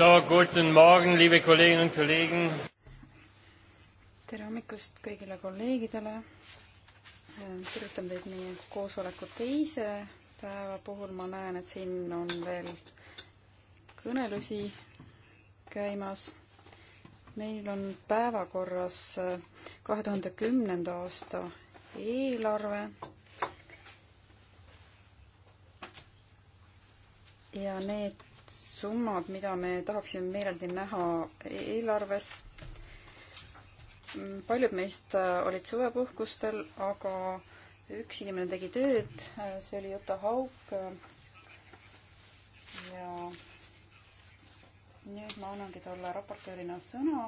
So, guten Morgen, liebe Kolleginnen und Kollegen. tere hommikust kõigile kolleegidele. tervitan äh, teid meie koosoleku teise päeva puhul. ma näen, et siin on veel kõnelusi käimas. meil on päevakorras äh, kahe tuhande kümnenda aasta eelarve ja need summad, mida me tahaksime meeleldi näha e- eelarves. Mm, paljud meist äh, olid suvepuhkustel, aga üks inimene tegi tööd, äh, see oli Juta Hauk. Äh, ja nüüd ma annangi talle raportöörina sõna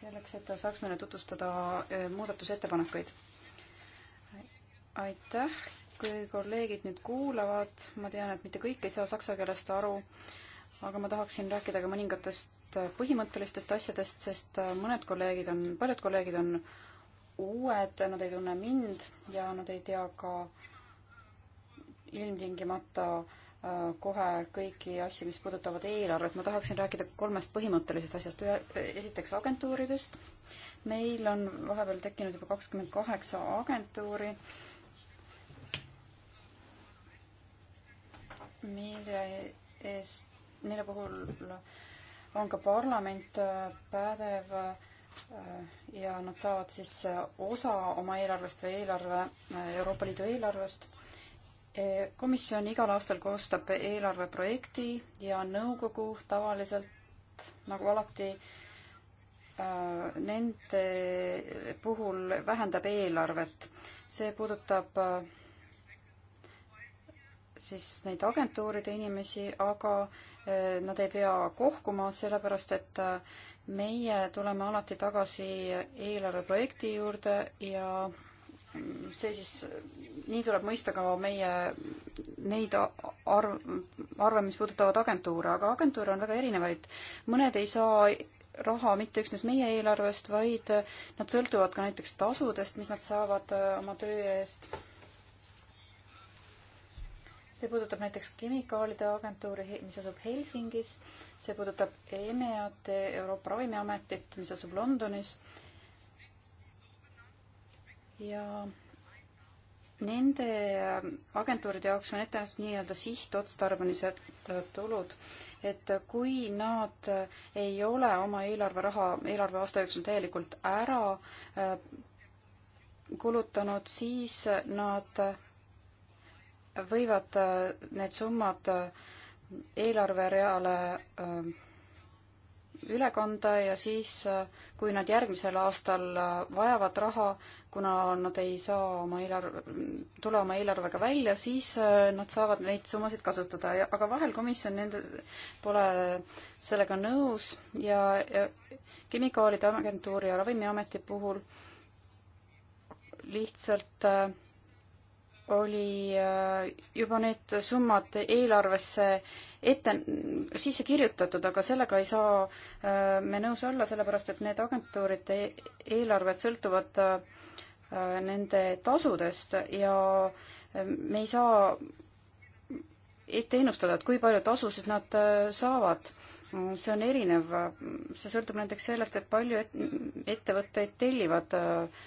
selleks, et ta saaks meile tutvustada muudatusettepanekuid. aitäh, kui kolleegid nüüd kuulavad, ma tean, et mitte kõik ei saa saksa keelest aru, aga ma tahaksin rääkida ka mõningatest põhimõttelistest asjadest, sest mõned kolleegid on, paljud kolleegid on uued, nad ei tunne mind ja nad ei tea ka ilmtingimata äh, kohe kõiki asju, mis puudutavad eelarvet. ma tahaksin rääkida kolmest põhimõttelisest asjast. ühe, esiteks agentuuridest. meil on vahepeal tekkinud juba kakskümmend kaheksa agentuuri, mille eest mille puhul noh, on ka parlament äh, pädev äh, ja nad saavad siis äh, osa oma eelarvest või eelarve, Euroopa Liidu eelarvest. E, komisjon igal aastal koostab eelarveprojekti ja nõukogu tavaliselt nagu alati nende puhul vähendab eelarvet. see puudutab siis neid agentuuride inimesi, aga Äh, nad ei pea kohkuma, sellepärast et äh, meie tuleme alati tagasi eelarveprojekti juurde ja mm, see siis, nii tuleb mõista ka meie neid arv, arve, mis puudutavad agentuure, aga agentuure on väga erinevaid. mõned ei saa raha mitte üksnes meie eelarvest, vaid äh, nad sõltuvad ka näiteks tasudest, mis nad saavad oma töö eest see puudutab näiteks Kemikaalide Agentuuri, mis asub Helsingis, see puudutab EMEA-t, Euroopa Ravimiametit, mis asub Londonis ja nende agentuuride jaoks on ette nähtud nii-öelda sihtotstarbelised tulud, et kui nad ei ole oma eelarveraha eelarveaasta jooksul täielikult ära äh, kulutanud, siis nad võivad äh, need summad äh, eelarvereale äh, üle kanda ja siis, kui nad järgmisel aastal vajavad raha, kuna nad ei saa oma eelarve, tule oma eelarvega välja, siis nad saavad neid summasid kasutada ja, aga vahel komisjon nende, pole sellega nõus ja, ja kemikaalide agentuuri ja Ravimiameti puhul lihtsalt äh, oli äh, juba need summad eelarvesse ette, sisse kirjutatud, aga sellega ei saa äh, me nõus olla, sellepärast et need agentuuride eelarved sõltuvad äh, nende tasudest ja me ei saa ette ennustada, et kui palju tasusid nad saavad. see on erinev, see sõltub näiteks sellest, et palju ettevõtteid tellivad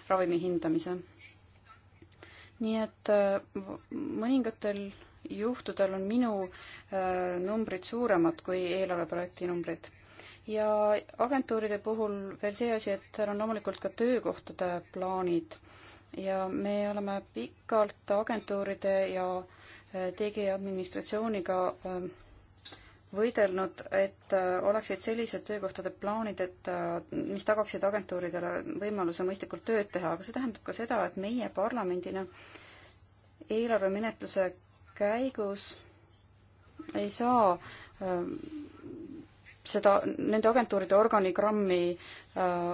ravimi hindamise nii et äh, mõningatel juhtudel on minu äh, numbrid suuremad kui eelarveprojekti numbrid. ja agentuuride puhul veel see asi, et seal on loomulikult ka töökohtade plaanid ja me oleme pikalt agentuuride ja digiadministratsiooniga äh, võidelnud, et äh, oleksid sellised töökohtade plaanid, et äh, mis tagaksid agentuuridele võimaluse mõistlikult tööd teha, aga see tähendab ka seda, et meie parlamendina eelarvemenetluse käigus ei saa ähm, seda, nende agentuuride organigrammi äh,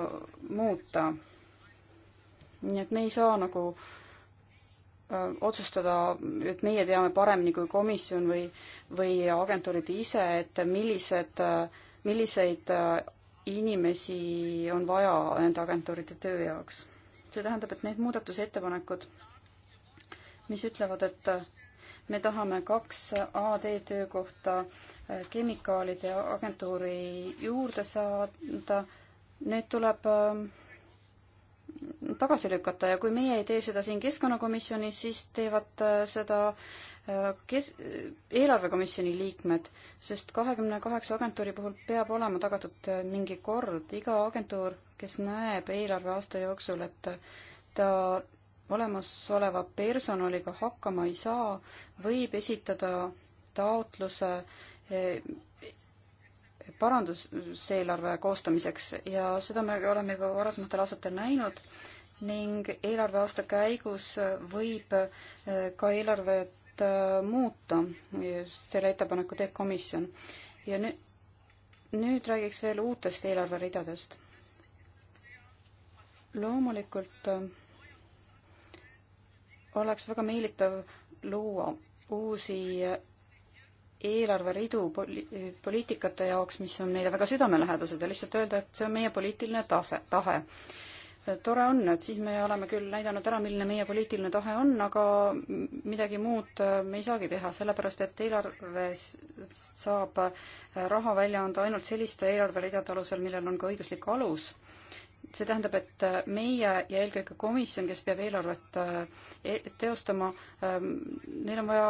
muuta. nii et me ei saa nagu äh, otsustada, et meie teame paremini kui komisjon või äh, või agentuurid ise, et millised, milliseid äh, inimesi on vaja nende agentuuride töö jaoks. see tähendab, et need muudatusettepanekud, mis ütlevad, et äh, me tahame kaks äh, AD töökohta kemikaalide agentuuri juurde saada, need tuleb tagasi lükata ja kui meie ei tee seda siin Keskkonnakomisjonis, siis teevad seda kes, eelarvekomisjoni liikmed, sest kahekümne kaheksa agentuuri puhul peab olema tagatud äh, mingi kord, iga agentuur, kes näeb eelarveaasta jooksul, et äh, ta olemasoleva personaliga hakkama ei saa, võib esitada taotluse äh, paranduseelarve koostamiseks ja seda me oleme juba varasematel aastatel näinud ning eelarveaasta käigus võib ka eelarve Äh, muuta. selle ettepaneku teeb komisjon. ja nüüd, nüüd räägiks veel uutest eelarveridadest. loomulikult äh, oleks väga meelitav luua uusi äh, eelarveridu poli-, poliitikate jaoks, mis on meile väga südamelähedased ja lihtsalt öelda, et see on meie poliitiline tase, tahe tore on, et siis me oleme küll näidanud ära, milline meie poliitiline tahe on, aga midagi muud äh, me ei saagi teha, sellepärast et eelarves saab äh, raha välja anda ainult selliste eelarveridade alusel, millel on ka õiguslik alus. see tähendab, et äh, meie ja eelkõige komisjon, kes peab eelarvet e-, teostama, ähm, neil on vaja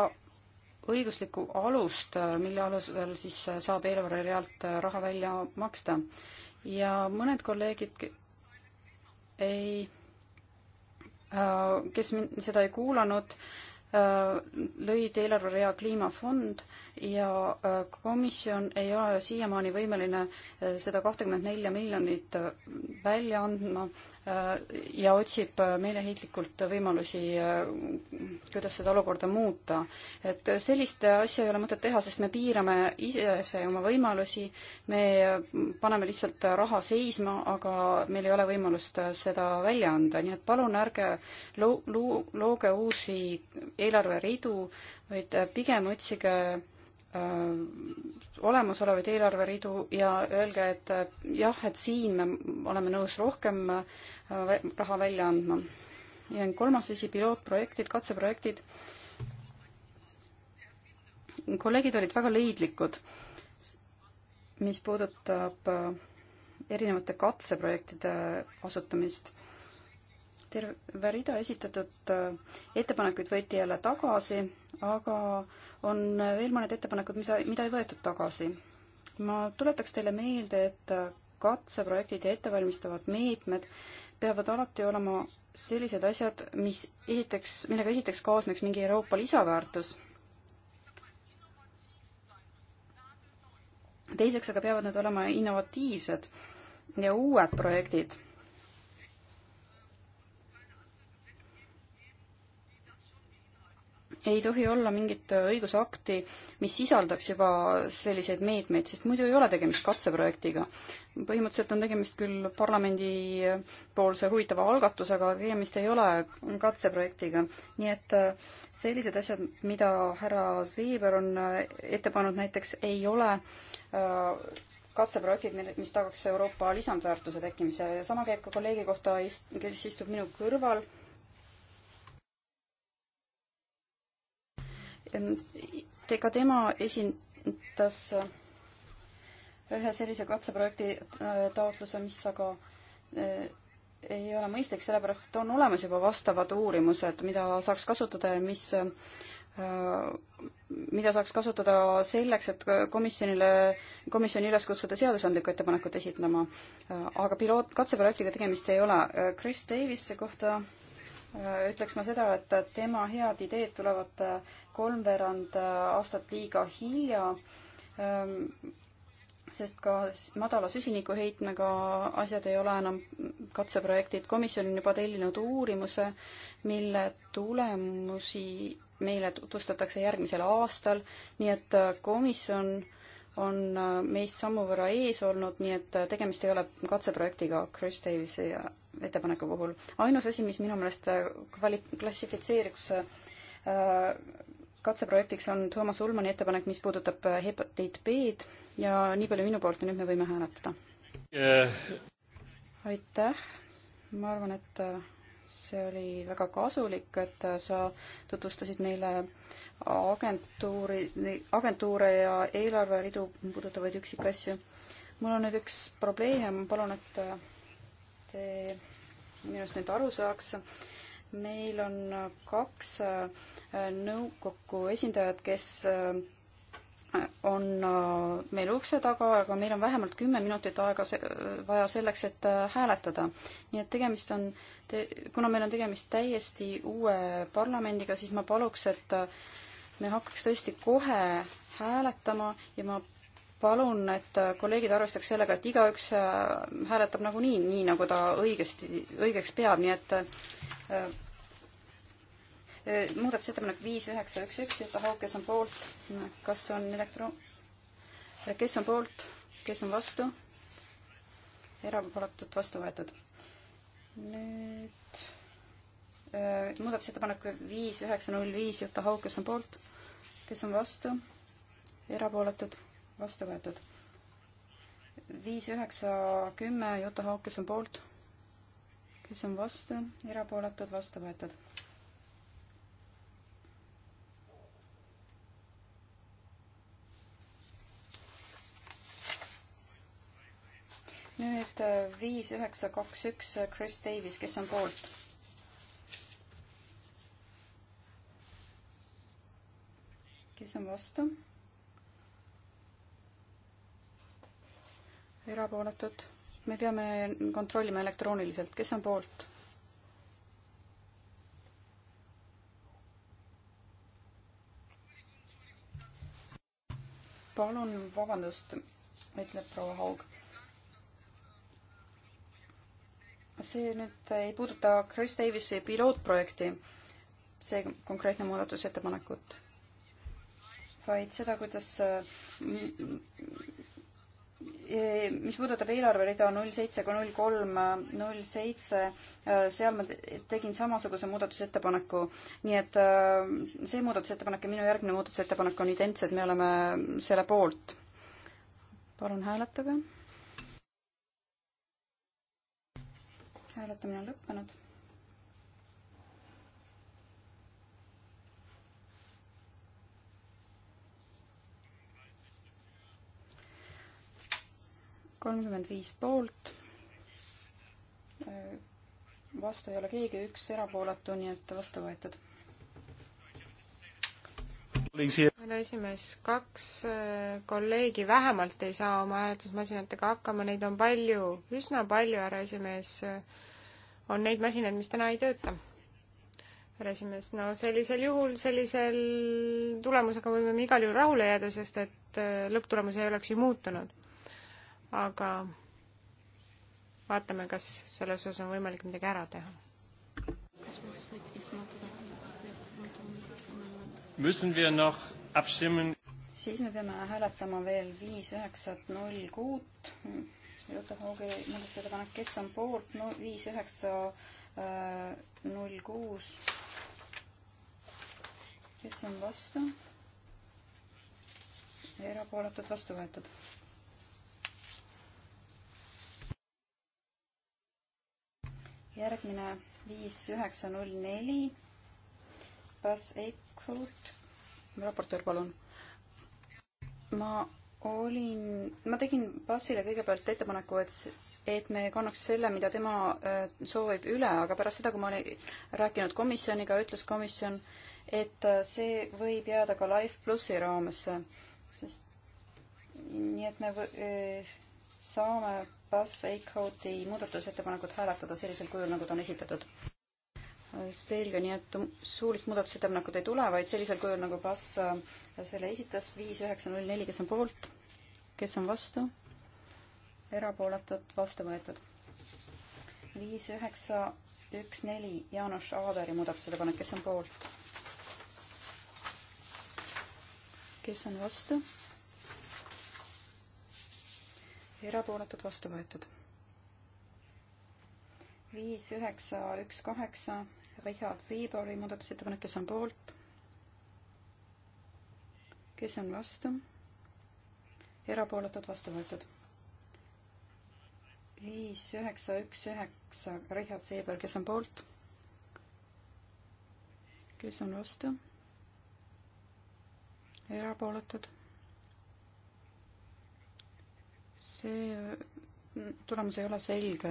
õiguslikku alust, mille alusel siis saab eelarverealt raha välja maksta. ja mõned kolleegid ei, äh, kes seda ei kuulanud, äh, lõid eelarverea kliimafond ja äh, komisjon ei ole siiamaani võimeline seda kahtekümmet nelja miljonit välja andma Äh, ja otsib meeleheitlikult võimalusi, äh, kuidas seda olukorda muuta. et sellist asja ei ole mõtet teha, sest me piirame ise oma võimalusi, me paneme lihtsalt raha seisma, aga meil ei ole võimalust seda välja anda, nii et palun ärge loo-, loo-, looge uusi eelarveridu, vaid pigem otsige äh, olemasolevaid eelarveridu ja öelge, et jah, et siin me oleme nõus rohkem raha välja andma. ja kolmas asi, pilootprojektid, katseprojektid. kolleegid olid väga leidlikud, mis puudutab äh, erinevate katseprojektide asutamist terve rida esitatud äh, ettepanekuid võeti jälle tagasi, aga on veel mõned ettepanekud, mis, mida ei võetud tagasi. ma tuletaks teile meelde, et äh, katseprojektid ja ettevalmistavad meetmed peavad alati olema sellised asjad, mis esiteks, millega esiteks kaasneks mingi Euroopa lisaväärtus. teiseks aga peavad need olema innovatiivsed ja uued projektid. ei tohi olla mingit õigusakti, mis sisaldaks juba selliseid meetmeid, sest muidu ei ole tegemist katseprojektiga põhimõtteliselt on tegemist küll parlamendipoolse huvitava algatusega, tegemist ei ole katseprojektiga. nii et äh, sellised asjad, mida härra Siiber on äh, ette pannud näiteks, ei ole äh, katseprojektid, mis tagaks Euroopa lisandväärtuse tekkimise ja sama käib ka kolleegi kohta, kes istub minu kõrval. ka tema esindas ühe sellise katseprojekti äh, taotluse, mis aga äh, ei ole mõistlik, sellepärast et on olemas juba vastavad uurimused, mida saaks kasutada ja mis äh, mida saaks kasutada selleks, et komisjonile, komisjoni üles kutsuda seadusandlikku ettepanekut esitama. aga piloot, katseprojektiga tegemist ei ole. Chris Davise kohta ütleks ma seda, et tema head ideed tulevad kolmveerand aastat liiga hilja sest ka madala süsinikuheitmega asjad ei ole enam katseprojektid. komisjon on juba tellinud uurimuse, mille tulemusi meile tutvustatakse järgmisel aastal, nii et komisjon on meist sammu võrra ees olnud, nii et tegemist ei ole katseprojektiga Chris Davisi ettepaneku puhul. ainus asi, mis minu meelest kvali-, klassifitseeriks äh, katseprojektiks on Toomas Ulmani ettepanek, mis puudutab hepatiit B-d ja nii palju minu poolt ja nüüd me võime hääletada yeah.. aitäh, ma arvan, et äh, see oli väga kasulik, et äh, sa tutvustasid meile agentuuri, agentuure ja eelarveridu puudutavaid üksikasju. mul on nüüd üks probleem ja ma palun, et äh, te minust nüüd aru saaks meil on kaks nõukogu esindajat, kes on äh, meil ukse taga, aga meil on vähemalt kümme minutit aega se vaja selleks, et äh, hääletada. nii et tegemist on te, kuna meil on tegemist täiesti uue parlamendiga, siis ma paluks, et äh, me hakkaks tõesti kohe hääletama ja ma palun, et kolleegid arvestaks sellega, et igaüks hääletab nagunii, nii nagu ta õigesti, õigeks peab, nii et muudatusettepanek viis, üheksa, üks, üks, Juta Haug, kes on poolt, kas on elektro-, kes on poolt, kes on vastu? erapooletult vastu võetud. nüüd äh, muudatusettepanek viis, üheksa, null, viis, Juta Haug, kes on poolt, kes on vastu, erapooletud, vastu võetud. viis, üheksa, kümme, Juta Haug, kes on poolt, kes on vastu, erapooletud, vastu võetud nüüd äh, viis üheksa kaks üks äh, Chris Davis, kes on poolt? kes on vastu? erapooletud. me peame kontrollima elektrooniliselt, kes on poolt? palun vabandust, ütleb proua Haug see nüüd ei puuduta Chris Davisi pilootprojekti, see konkreetne muudatusettepanekut, vaid seda, kuidas, äh, eh, mis puudutab eelarverida null seitse kui null kolm null seitse, äh, seal ma tegin samasuguse muudatusettepaneku, nii et äh, see muudatusettepanek ja minu järgmine muudatusettepanek on identsed, me oleme selle poolt. palun hääletage hääletamine on lõppenud. kolmkümmend viis poolt. vastu ei ole keegi, üks erapooletu, nii et vastu võetud härra esimees, kaks äh, kolleegi vähemalt ei saa oma hääletusmasinatega hakkama, neid on palju, üsna palju, härra esimees, on neid masinaid, mis täna ei tööta. härra esimees, no sellisel juhul, sellisel tulemusega võime me igal juhul rahule jääda, sest et äh, lõpptulemus ei oleks ju muutunud. aga vaatame, kas selles osas on võimalik midagi ära teha müssen wir noch abstimmen. siis me peame hääletama veel viis, üheksat, null, kuut. Jutta Hoogi muudatusettepanek, kes on poolt, no viis, üheksa, äh, null, kuus. kes on vastu? erapooletud, vastu võetud. järgmine viis, üheksa, null, neli. Buzz Eichholt raportöör, palun. ma olin, ma tegin Bassile kõigepealt ettepaneku, et et me kannaks selle, mida tema äh, soovib, üle, aga pärast seda, kui ma olin rääkinud komisjoniga, ütles komisjon, et äh, see võib jääda ka Life plussi raamesse, sest nii et me võ... Äh, saame Buzz Eichhouti muudatusettepanekut hääletada sellisel kujul, nagu ta on esitatud selge, nii et suulist muudatusettepanekut ei tule, vaid sellisel kujul nagu PAS äh, selle esitas, viis üheksa null neli, kes on poolt, kes on vastu, erapooletud, vastu võetud. viis üheksa üks neli, Jaanus Aaveri muudatusettepanek, kes on poolt? kes on vastu? erapooletud vastu võetud. viis, üheksa, üks, kaheksa, Richard Siibori muudatusettepanek, kes on poolt? kes on vastu? erapooletud, vastu võetud. viis, üheksa, üks, üheksa, Richard Siibor, kes on poolt? kes on vastu? erapooletud. see tulemus ei ole selge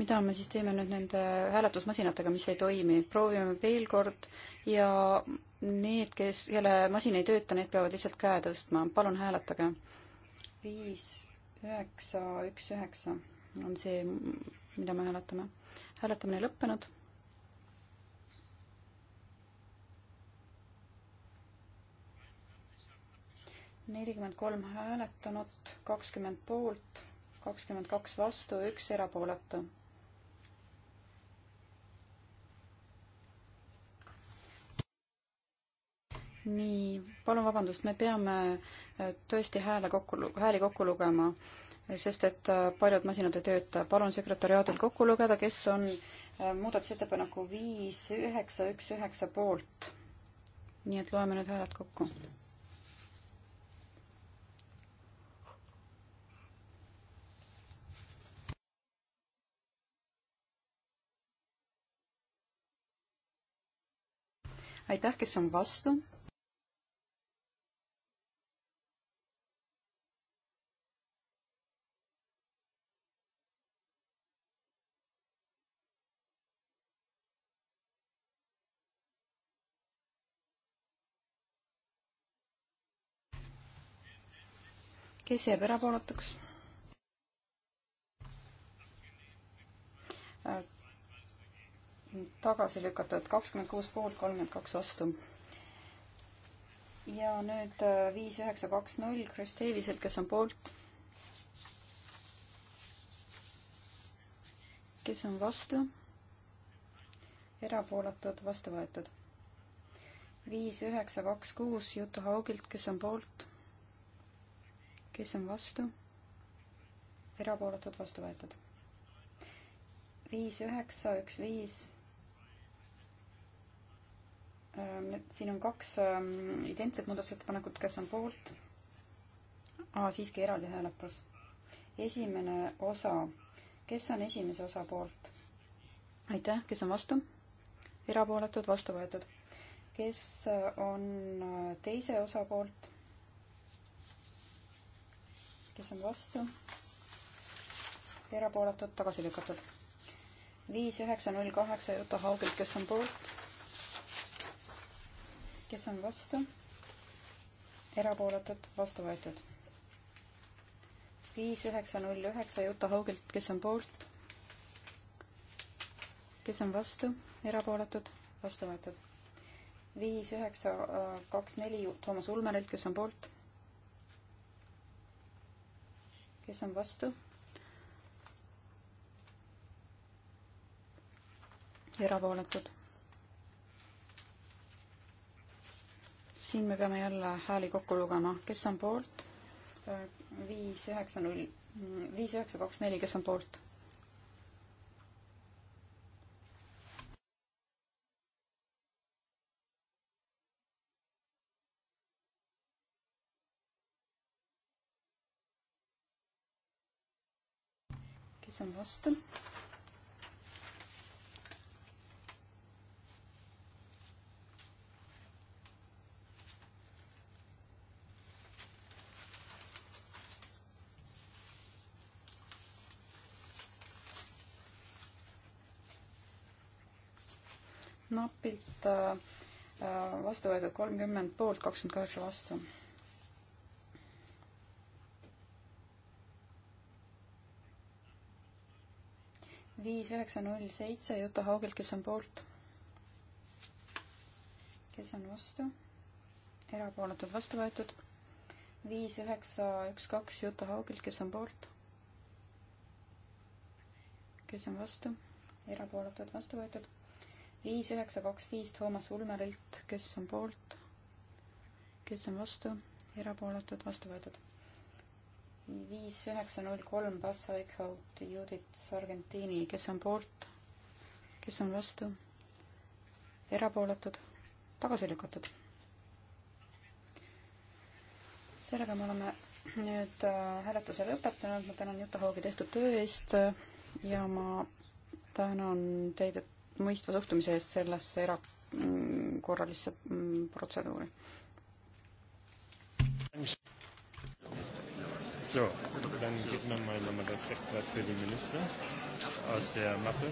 mida me siis teeme nüüd nende hääletusmasinatega, mis ei toimi, proovime veel kord ja need, kes, kelle masin ei tööta, need peavad lihtsalt käe tõstma, palun hääletage. viis, üheksa, üks, üheksa on see, mida me hääletame. hääletamine lõppenud. nelikümmend kolm hääletanut, kakskümmend poolt kakskümmend kaks vastu, üks erapooletu. nii, palun vabandust, me peame äh, tõesti hääle kokku, hääli kokku lugema, sest et äh, paljud masinad ei tööta. palun sekretäriaadil kokku lugeda, kes on äh, muudatusettepaneku viis üheksa üks üheksa poolt. nii et loeme nüüd hääled kokku. aitäh, kes on vastu kes jääb erapooletuks? tagasi lükatud kakskümmend kuus poolt, kolmkümmend kaks vastu. ja nüüd äh, viis üheksa kaks null Chris Daviselt, kes on poolt. kes on vastu? erapooletud, vastu võetud. viis üheksa kaks kuus Jutu Haugilt, kes on poolt kes on vastu, erapooletud, vastu võetud. viis, üheksa, üks, viis. Ähm, siin on kaks ähm, identset muudatusettepanekut, kes on poolt. siiski eraldi hääletus. esimene osa, kes on esimese osa poolt? aitäh, kes on vastu? erapooletud, vastu võetud. kes äh, on äh, teise osa poolt? kes on vastu, erapooletud, tagasi lükatud. viis, üheksa, null, kaheksa Juta Haugilt, kes on poolt, kes on vastu, erapooletud, vastu võetud. viis, üheksa, null, üheksa Juta Haugilt, kes on poolt, kes on vastu, erapooletud, vastu võetud. viis, üheksa, kaks, neli Toomas Ulmerilt, kes on poolt kes on vastu? erapooletud. siin me peame jälle hääli kokku lugema, kes on poolt? viis, üheksa, null, viis, üheksa, kaks, neli, kes on poolt? kes on vastu? napilt äh, äh, vastu võetud kolmkümmend poolt, kakskümmend kaheksa vastu kompromiss üheksa null seitse Juta Haugelt, kes on poolt? kes on vastu? erapooletud vastu võetud. viis üheksa üks kaks Juta Haugelt, kes on poolt? kes on vastu? erapooletud vastu võetud. viis üheksa kaks viis Toomas Ulmerilt, kes on poolt? kes on vastu? erapooletud vastu võetud viis üheksa null kolm Basso Eichhout, Judith Sargentini, kes on poolt, kes on vastu, erapooletud, tagasi lükatud. sellega me oleme nüüd äh, hääletuse lõpetanud, ma tänan Juta Hoogi tehtud töö eest ja ma tänan teid mõistva suhtumise eest sellesse erakorralisse mm, mm, protseduuri. So, dann geht man mal nochmal das Eckblatt für die Minister aus der Mappe.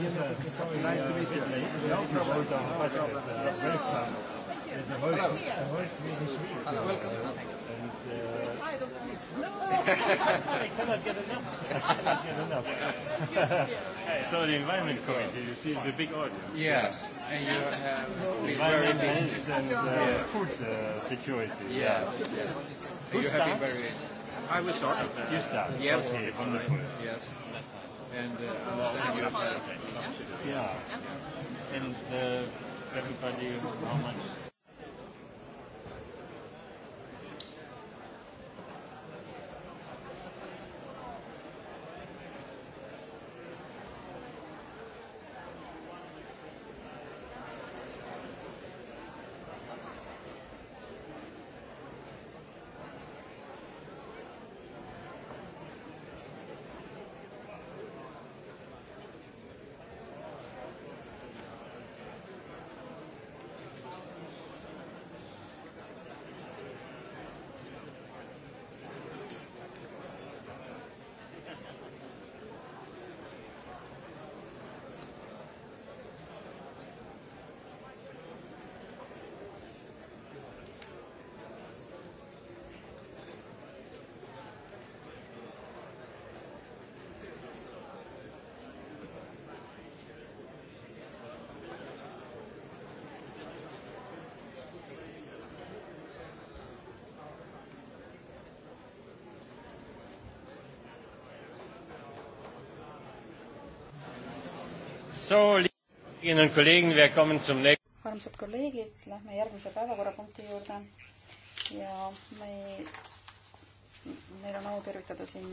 Yes, sir. Nice to meet you. No problem. Welcome. The Holz, the Holz is really Hello, welcome. And, uh, I don't speak. No. I cannot get enough. I cannot get enough. so the environment committee, you see, is a big audience. Yes, so. and you have been very busy. And uh, yeah. food uh, security. Yes, yes. yes. Who you starts? Have been very, I will start. You start. Yes. Okay, wonderful. Yes and uh, understand your yeah. yeah. And uh, everybody, how much armsad kolleegid, lähme järgmise päevakorrapunkti juurde ja me, meil on au tervitada siin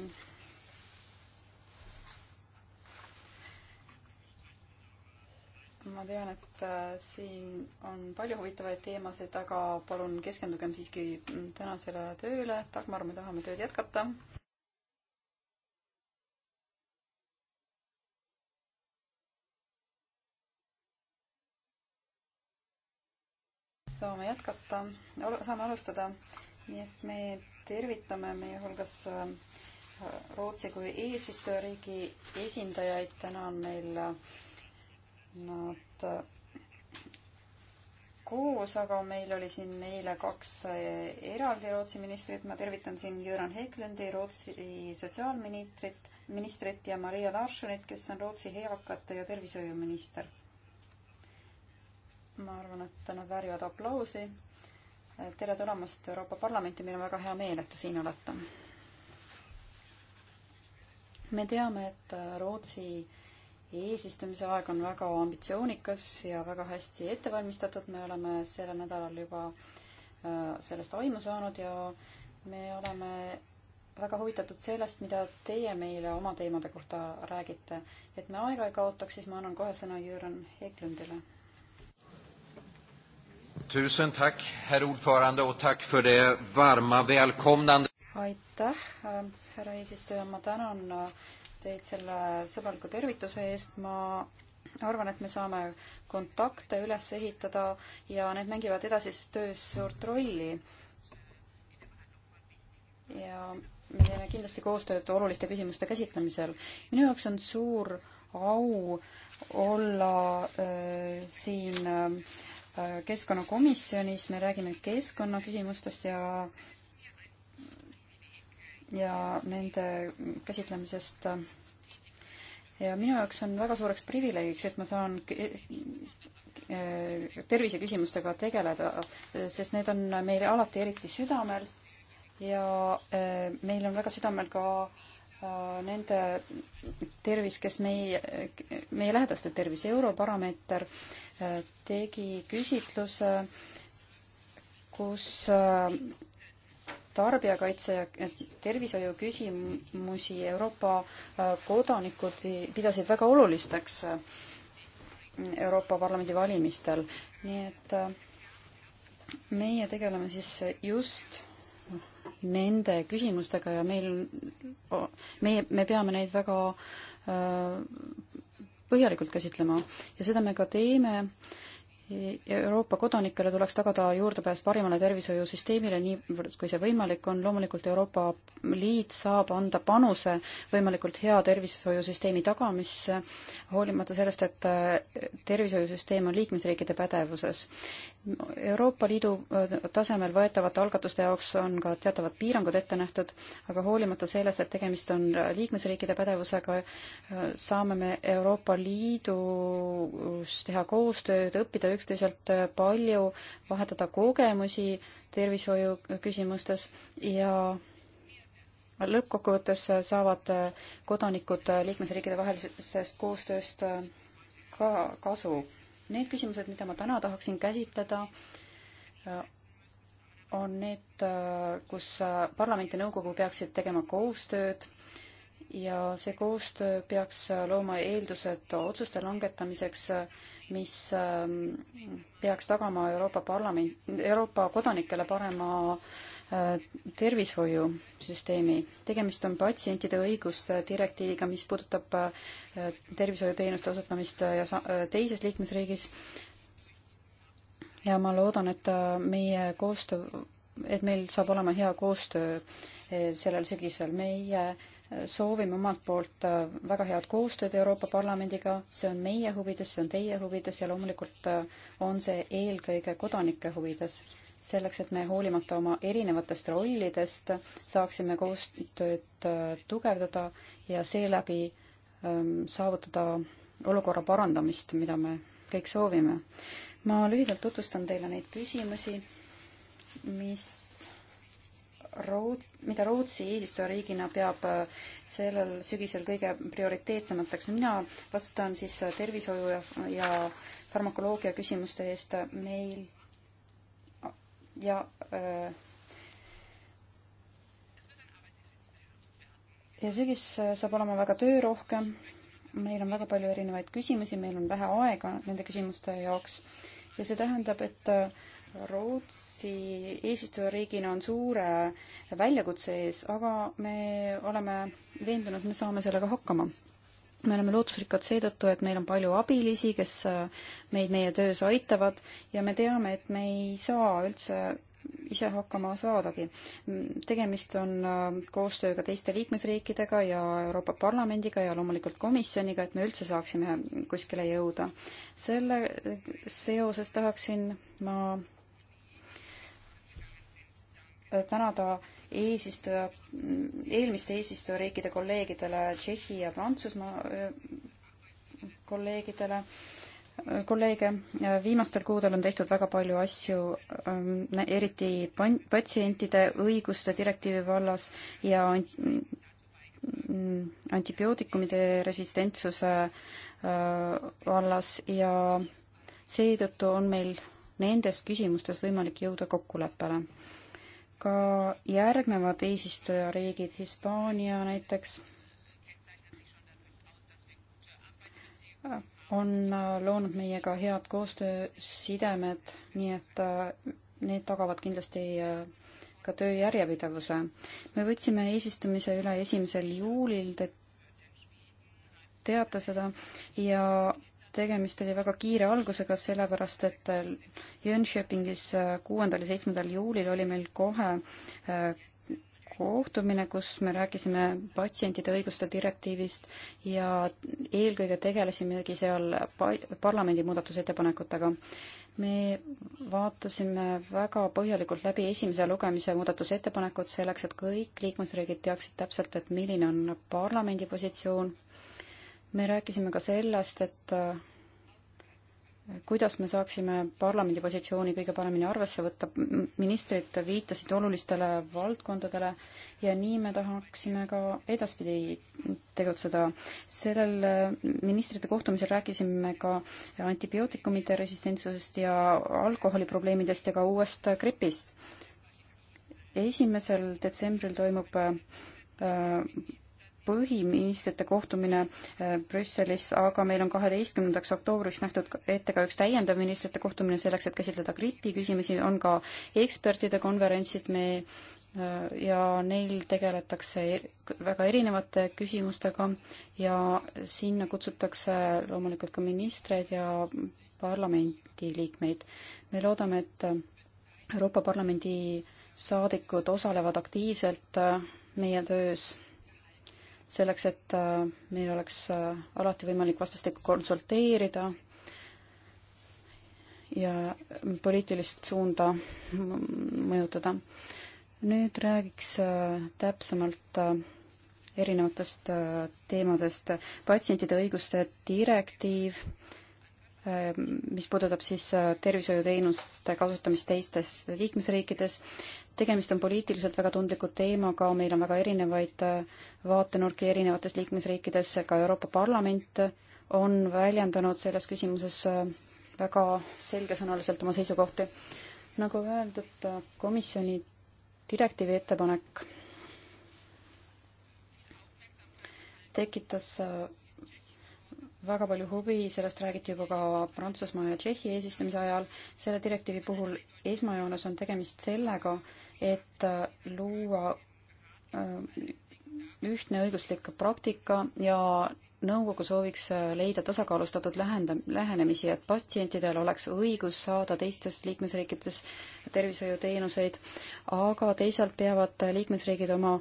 ma tean, et äh, siin on palju huvitavaid teemasid, aga palun keskendugem siiski tänasele tööle. Dagmar, me tahame tööd jätkata. saame alustada. nii et me tervitame meie hulgas äh, Rootsi kui eesistujariigi esindajaid. täna on meil äh, nad äh, koos, aga meil oli siin eile kaks eraldi Rootsi ministrit. ma tervitan siin Jüran Heglundi, Rootsi sotsiaalministrit, ministrit ja Maria Larssonit, kes on Rootsi eakate ja tervishoiuminister. ma arvan, et nad väärivad aplausi tere tulemast Euroopa Parlamenti, meil on väga hea meel, et te siin olete. me teame, et Rootsi eesistumise aeg on väga ambitsioonikas ja väga hästi ette valmistatud, me oleme sellel nädalal juba äh, sellest aimu saanud ja me oleme väga huvitatud sellest, mida teie meile oma teemade kohta räägite. et me aega ei kaotaks, siis ma annan kohe sõna Jüran Heklundile Tusen tack, herr ordförande, och tack för det varma välkomnande. aitäh, härra eesistuja, ma tänan äh, teid selle sõbraliku tervituse eest, ma arvan, et me saame kontakte üles ehitada ja need mängivad edasises töös suurt rolli. ja me teeme kindlasti koostööd oluliste küsimuste käsitlemisel. minu jaoks on suur au olla äh, siin äh, keskkonnakomisjonis, me räägime keskkonnaküsimustest ja ja nende käsitlemisest. ja minu jaoks on väga suureks privileegiks, et ma saan terviseküsimustega tegeleda, sest need on meile alati eriti südamel ja eh, meil on väga südamel ka äh, nende tervis, kes meie, meie lähedaste tervis, Europarameeter äh, tegi küsitluse, kus äh, tarbijakaitse ja tervishoiu küsimusi Euroopa äh, kodanikud pidasid väga olulisteks Euroopa Parlamendi valimistel. nii et meie tegeleme siis just nende küsimustega ja meil, meie, me peame neid väga äh, põhjalikult käsitlema ja seda me ka teeme. Euroopa kodanikele tuleks tagada juurdepääs parimale tervishoiusüsteemile, niivõrd kui see võimalik on, loomulikult Euroopa Liit saab anda panuse võimalikult hea tervishoiusüsteemi tagamisse, hoolimata sellest, et äh, tervishoiusüsteem on liikmesriikide pädevuses. Euroopa Liidu äh, tasemel võetavate algatuste jaoks on ka teatavad piirangud ette nähtud, aga hoolimata sellest, et tegemist on äh, liikmesriikide pädevusega, äh, saame me Euroopa Liidus teha koostööd, õppida üksteiselt palju, vahetada kogemusi tervishoiu küsimustes ja lõppkokkuvõttes saavad kodanikud liikmesriikide vahelisest koostööst ka kasu Need küsimused, mida ma täna tahaksin käsitleda, äh, on need, äh, kus äh, parlament ja nõukogu peaksid tegema koostööd ja see koostöö peaks looma eeldused otsuste langetamiseks, mis ähm, peaks tagama Euroopa Parlament, Euroopa kodanikele parema äh, tervishoiusüsteemi. tegemist on patsientide õiguste direktiiviga, mis puudutab äh, tervishoiuteenuste osutamist äh, ja äh, teises liikmesriigis. ja ma loodan, et meie koostöö, et meil saab olema hea koostöö sellel sügisel. meie soovime omalt poolt väga head koostööd Euroopa Parlamendiga, see on meie huvides, see on teie huvides ja loomulikult on see eelkõige kodanike huvides selleks, et me hoolimata oma erinevatest rollidest saaksime koostööd äh, tugevdada ja seeläbi ähm, saavutada olukorra parandamist, mida me kõik soovime. ma lühidalt tutvustan teile neid küsimusi, mis Root-, mida Rootsi eesistujariigina peab äh, sellel sügisel kõige prioriteetsemateks. mina vastutan siis äh, tervishoiu ja, ja farmakoloogia küsimuste eest. meil ja äh, ja sügis äh, saab olema väga töörohke. meil on väga palju erinevaid küsimusi, meil on vähe aega nende küsimuste jaoks ja see tähendab, et äh, Rootsi eesistujariigina on suure väljakutse ees, aga me oleme veendunud, me saame sellega hakkama me oleme lootusrikkad seetõttu, et meil on palju abilisi, kes äh, meid meie töös aitavad ja me teame, et me ei saa üldse ise hakkama saadagi. tegemist on äh, koostööga teiste liikmesriikidega ja Euroopa Parlamendiga ja loomulikult komisjoniga, et me üldse saaksime kuskile jõuda. selle äh, seoses tahaksin ma tänada eesistuja, eelmiste eesistujariikide kolleegidele, Tšehhi ja Prantsusmaa äh, kolleegidele, äh, kolleege, äh, viimastel kuudel on tehtud väga palju asju, ähm, eriti patsientide õiguste direktiivi vallas ja mm, antibiootikumide resistentsuse vallas ja seetõttu on meil nendes küsimustes võimalik jõuda kokkuleppele ka järgnevad eesistujariigid, Hispaania näiteks, on loonud meiega head koostöösidemed, nii et äh, need tagavad kindlasti äh, ka töö järjepidevuse. me võtsime eesistumise üle esimesel juulil, te teate seda, ja tegemist oli väga kiire algusega, sellepärast et äh, Jönköpingis äh, kuuendal ja seitsmendal juulil oli meil kohe äh, kohtumine, kus me rääkisime patsientide õiguste direktiivist ja eelkõige tegelesimegi seal parlamendi muudatusettepanekutega. me vaatasime väga põhjalikult läbi esimese lugemise muudatusettepanekud selleks, et kõik liikmesriigid teaksid täpselt, et milline on parlamendi positsioon me rääkisime ka sellest, et äh, kuidas me saaksime parlamendi positsiooni kõige paremini arvesse võtta, ministrid viitasid olulistele valdkondadele ja nii me tahaksime ka edaspidi tegutseda. sellel äh, ministrite kohtumisel rääkisime ka antibiootikumide resistentsusest ja alkoholiprobleemidest ja ka uuest gripist. esimesel detsembril toimub äh, põhiministrite kohtumine äh, Brüsselis, aga meil on kaheteistkümnendaks oktoobriks nähtud ette ka üks täiendav ministrite kohtumine selleks, et käsitleda gripi küsimusi, on ka ekspertide konverentsid, me äh, ja neil tegeletakse e-, väga erinevate küsimustega ja sinna kutsutakse loomulikult ka ministreid ja parlamendi liikmeid. me loodame, et äh, Euroopa Parlamendi saadikud osalevad aktiivselt meie töös selleks, et äh, meil oleks äh, alati võimalik vastastikku konsulteerida ja poliitilist suunda mõjutada. nüüd räägiks äh, täpsemalt erinevatest teemadest. patsientide õiguste direktiiv, mis puudutab siis tervishoiuteenuste kasutamist teistes liikmesriikides tegemist on poliitiliselt väga tundliku teemaga, meil on väga erinevaid äh, vaatenurki erinevates liikmesriikides, ka Euroopa Parlament on väljendanud selles küsimuses äh, väga selgesõnaliselt oma seisukohti. nagu öeldud, äh, komisjoni direktiivi ettepanek tekitas väga palju huvi, sellest räägiti juba ka Prantsusmaa ja Tšehhi eesistumise ajal. selle direktiivi puhul esmajoones on tegemist sellega, et äh, luua äh, ühtne õiguslik praktika ja nõukogu sooviks äh, leida tasakaalustatud lähenda-, lähenemisi, et patsientidel oleks õigus saada teistes liikmesriikides tervishoiuteenuseid, aga teisalt peavad liikmesriigid oma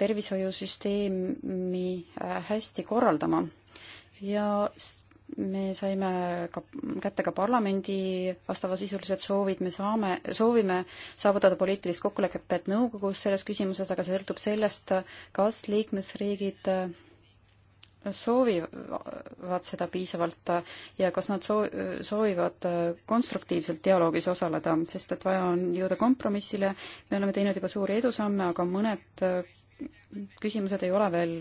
tervishoiusüsteemi hästi korraldama ja me saime ka kätte ka parlamendi vastavasisulised soovid, me saame, soovime saavutada poliitilist kokkulepet nõukogus selles küsimuses, aga see sõltub sellest, kas liikmesriigid äh, soovivad seda piisavalt ja kas nad soo-, soovivad äh, konstruktiivselt dialoogis osaleda, sest et vaja on jõuda kompromissile, me oleme teinud juba suuri edusamme, aga mõned äh, küsimused ei ole veel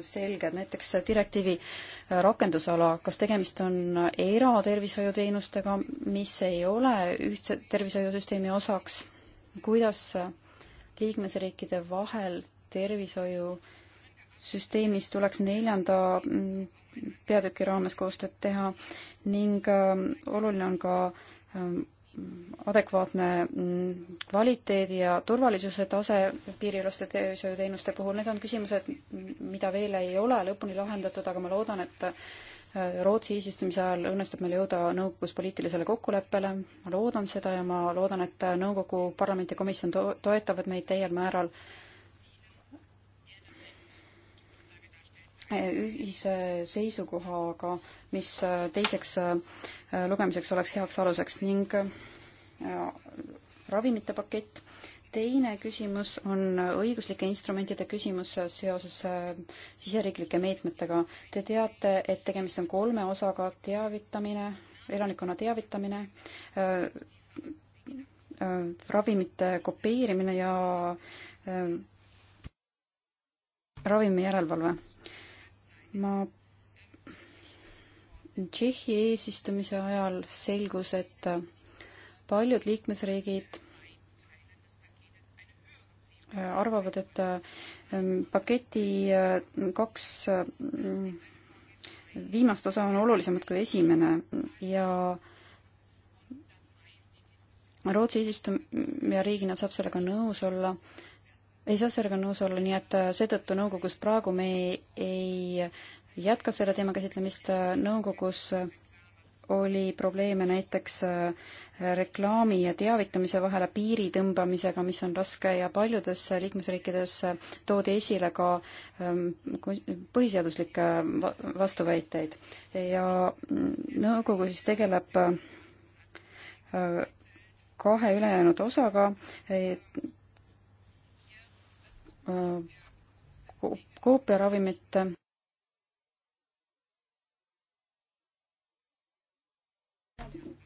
selged, näiteks direktiivi rakendusala, kas tegemist on eratervishoiuteenustega, mis ei ole ühtse tervishoiusüsteemi osaks, kuidas liikmesriikide vahel tervishoiusüsteemis tuleks neljanda mm, peatüki raames koostööd teha ning ähm, oluline on ka ähm, adekvaatne mm, kvaliteedi ja turvalisuse tase piirilaste tervishoiuteenuste puhul, need on küsimused, mida veel ei ole lõpuni lahendatud, aga ma loodan, et äh, Rootsi eesistumise ajal õnnestub meil jõuda nõukogus poliitilisele kokkuleppele, ma loodan seda ja ma loodan, et äh, nõukogu, parlament ja komisjon to-, toetavad meid täiel määral äh, ühise seisukohaga, mis teiseks äh, Äh, lugemiseks oleks heaks aluseks ning äh, ravimite pakett. teine küsimus on õiguslike instrumentide küsimus seoses äh, siseriiklike meetmetega. Te teate, et tegemist on kolme osaga teavitamine, elanikkonna teavitamine, ravimite kopeerimine ja ravimijärelevalve. ma Tšehhi eesistumise ajal selgus, et paljud liikmesriigid äh, arvavad, et ähm, paketi äh, kaks äh, viimast osa on olulisemad kui esimene ja Rootsi eesistujariigina saab sellega nõus olla, ei saa sellega nõus olla, nii et seetõttu nõukogus praegu me ei, ei jätkas selle teema käsitlemist nõukogus, oli probleeme näiteks äh, reklaami ja teavitamise vahele piiri tõmbamisega, mis on raske ja paljudes liikmesriikides toodi esile ka ähm, põhiseaduslikke vastuväiteid. ja mm, nõukogu siis tegeleb äh, kahe ülejäänud osaga äh, koopiaravimite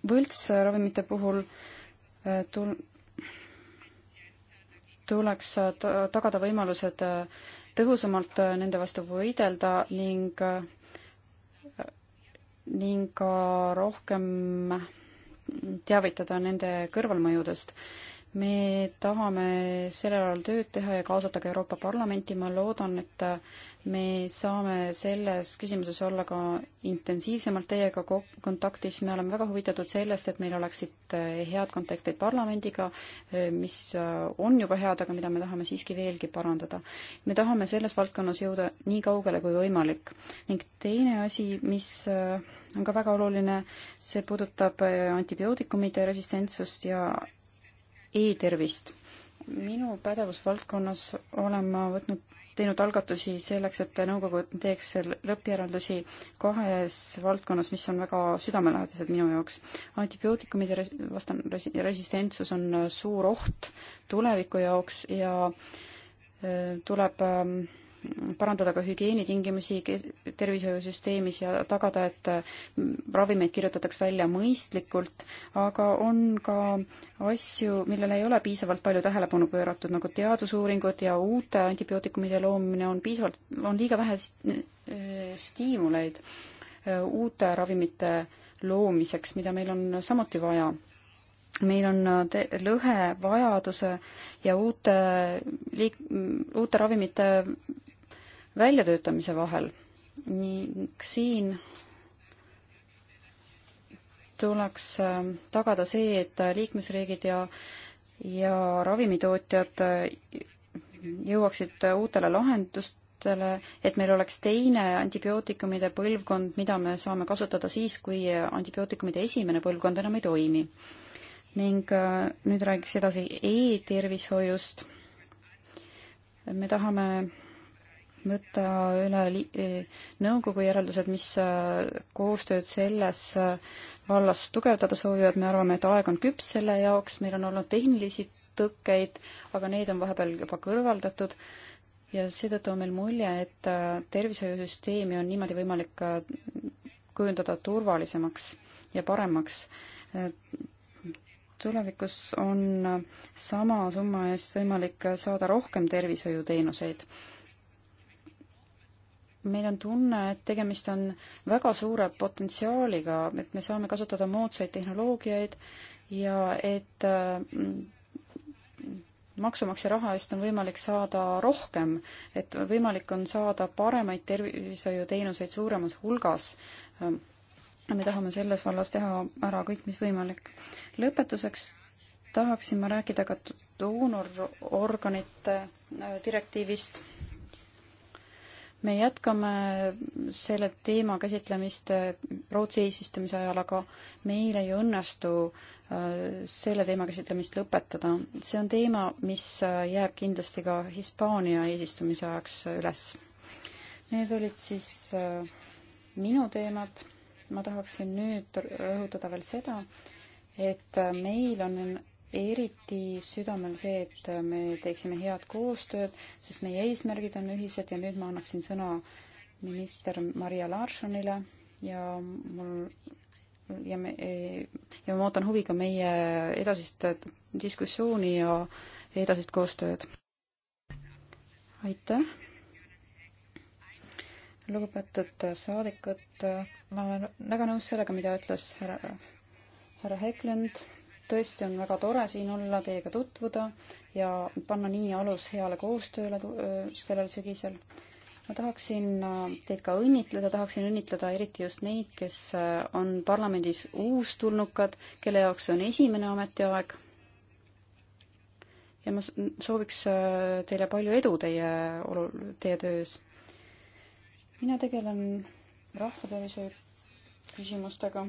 võltsravimite puhul äh, tul-, tuleks äh, tagada võimalused äh, tõhusamalt nende vastu võidelda ning, ning ka rohkem teavitada nende kõrvalmõjudest me tahame sellel alal tööd teha ja kaasata ka Euroopa Parlamenti, ma loodan, et me saame selles küsimuses olla ka intensiivsemalt teiega kontaktis, me oleme väga huvitatud sellest, et meil oleksid eh, head kontaktid parlamendiga, eh, mis eh, on juba head, aga mida me tahame siiski veelgi parandada. me tahame selles valdkonnas jõuda nii kaugele kui võimalik. ning teine asi, mis on ka väga oluline, see puudutab antibiootikumide resistentsust ja e-tervist. minu pädevusvaldkonnas olen ma võtnud, teinud algatusi selleks, et nõukogu teeks lõppjäreldusi kahes valdkonnas, mis on väga südamelähedased minu jaoks. antibiootikumide res-, vastane res-, resistentsus on äh, suur oht tuleviku jaoks ja äh, tuleb äh, parandada ka hügieenitingimusi tervishoiusüsteemis ja tagada, et mm, ravimeid kirjutataks välja mõistlikult, aga on ka asju, millele ei ole piisavalt palju tähelepanu pööratud, nagu teadusuuringud ja uute antibiootikumide loomine on piisavalt, on liiga vähe äh, stiimuleid äh, uute ravimite loomiseks, mida meil on samuti vaja meil on äh, lõhe vajaduse ja uute liik-, mm, uute ravimite väljatöötamise vahel ning siin tuleks äh, tagada see, et liikmesriigid ja, ja ravimitootjad äh, jõuaksid uutele lahendustele, et meil oleks teine antibiootikumide põlvkond, mida me saame kasutada siis, kui antibiootikumide esimene põlvkond enam ei toimi. ning äh, nüüd räägiks edasi e-tervishoiust. me tahame võtta üle nõukogu järeldused, mis äh, koostööd selles äh, vallas tugevdada soovivad, me arvame, et aeg on küps selle jaoks, meil on olnud tehnilisi tõkkeid, aga need on vahepeal juba kõrvaldatud ja seetõttu on meil mulje, et äh, tervishoiusüsteemi on niimoodi võimalik kujundada turvalisemaks ja paremaks. tulevikus on sama summa eest võimalik saada rohkem tervishoiuteenuseid meil on tunne, et tegemist on väga suure potentsiaaliga, et me saame kasutada moodsaid tehnoloogiaid ja et äh, maksumaksja raha eest on võimalik saada rohkem, et võimalik on saada paremaid tervishoiuteenuseid suuremas hulgas. Äh, me tahame selles vallas teha ära kõik, mis võimalik. lõpetuseks tahaksin ma rääkida ka doonororganite äh, direktiivist me jätkame selle teema käsitlemist Rootsi eesistumise ajal, aga meil ei õnnestu äh, selle teema käsitlemist lõpetada. see on teema, mis äh, jääb kindlasti ka Hispaania eesistumise ajaks üles. Need olid siis äh, minu teemad. ma tahaksin nüüd rõhutada veel seda, et meil on eriti südamel see, et me teeksime head koostööd, sest meie eesmärgid on ühised ja nüüd ma annaksin sõna minister Maria Larssonile ja mul ja me, ja ma ootan huviga meie edasist diskussiooni ja edasist koostööd. aitäh! lugupeetud saadikud, ma olen väga nõus sellega, mida ütles härra, härra Heklund tõesti on väga tore siin olla, teiega tutvuda ja panna nii alus heale koostööle sellel sügisel. ma tahaksin äh, teid ka õnnitleda, tahaksin õnnitleda eriti just neid, kes äh, on parlamendis uustulnukad, kelle jaoks on esimene ametiaeg. ja ma sooviks äh, teile palju edu teie olu-, teie töös. mina tegelen rahvatervishoiu küsimustega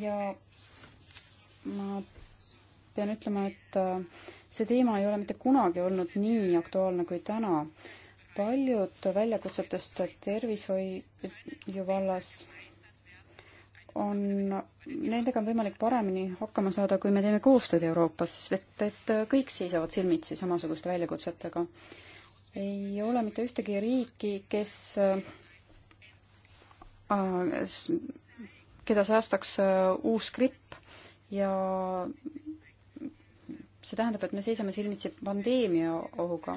ja ma pean ütlema, et äh, see teema ei ole mitte kunagi olnud nii aktuaalne kui täna. paljud väljakutsetest tervishoiu vallas on, nendega on võimalik paremini hakkama saada, kui me teeme koostööd Euroopas, sest et, et äh, kõik seisavad silmitsi samasuguste väljakutsetega. ei ole mitte ühtegi riiki, kes äh, äh keda säästaks äh, uus gripp ja see tähendab, et me seisame silmitsi pandeemia ohuga.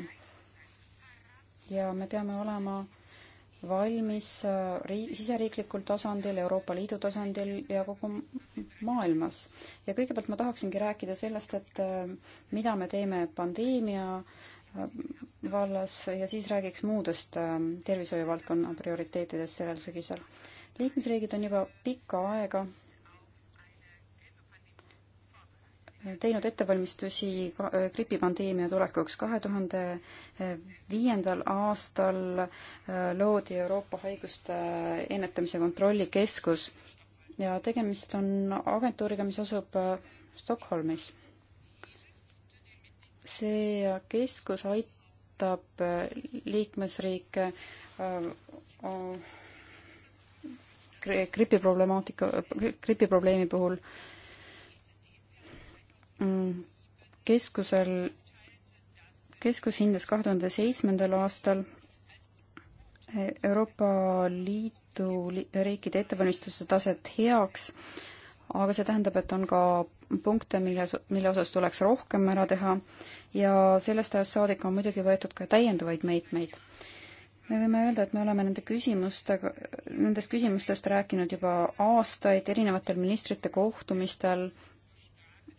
ja me peame olema valmis äh, riik, siseriiklikul tasandil, Euroopa Liidu tasandil ja kogu maailmas. ja kõigepealt ma tahaksingi rääkida sellest, et äh, mida me teeme pandeemia vallas ja siis räägiks muudest tervishoiuvaldkonna prioriteetidest sellel sügisel liikmesriigid on juba pikka aega teinud ettevalmistusi äh, gripipandeemia tulekuks. kahe tuhande viiendal aastal äh, loodi Euroopa Haiguste Ennetamise Kontrollikeskus ja tegemist on agentuuriga, mis asub äh, Stockholmis. see keskus aitab liikmesriike gripi problemaatika, gripi probleemi puhul mm, keskusel, keskus hindas kahe tuhande seitsmendal aastal e, Euroopa Liidu riikide ettevalmistuse taset heaks, aga see tähendab, et on ka punkte, mille, mille osas tuleks rohkem ära teha ja sellest ajast saadik on muidugi võetud ka täiendavaid meetmeid meet me võime öelda, et me oleme nende küsimustega, nendest küsimustest rääkinud juba aastaid erinevatel ministrite kohtumistel,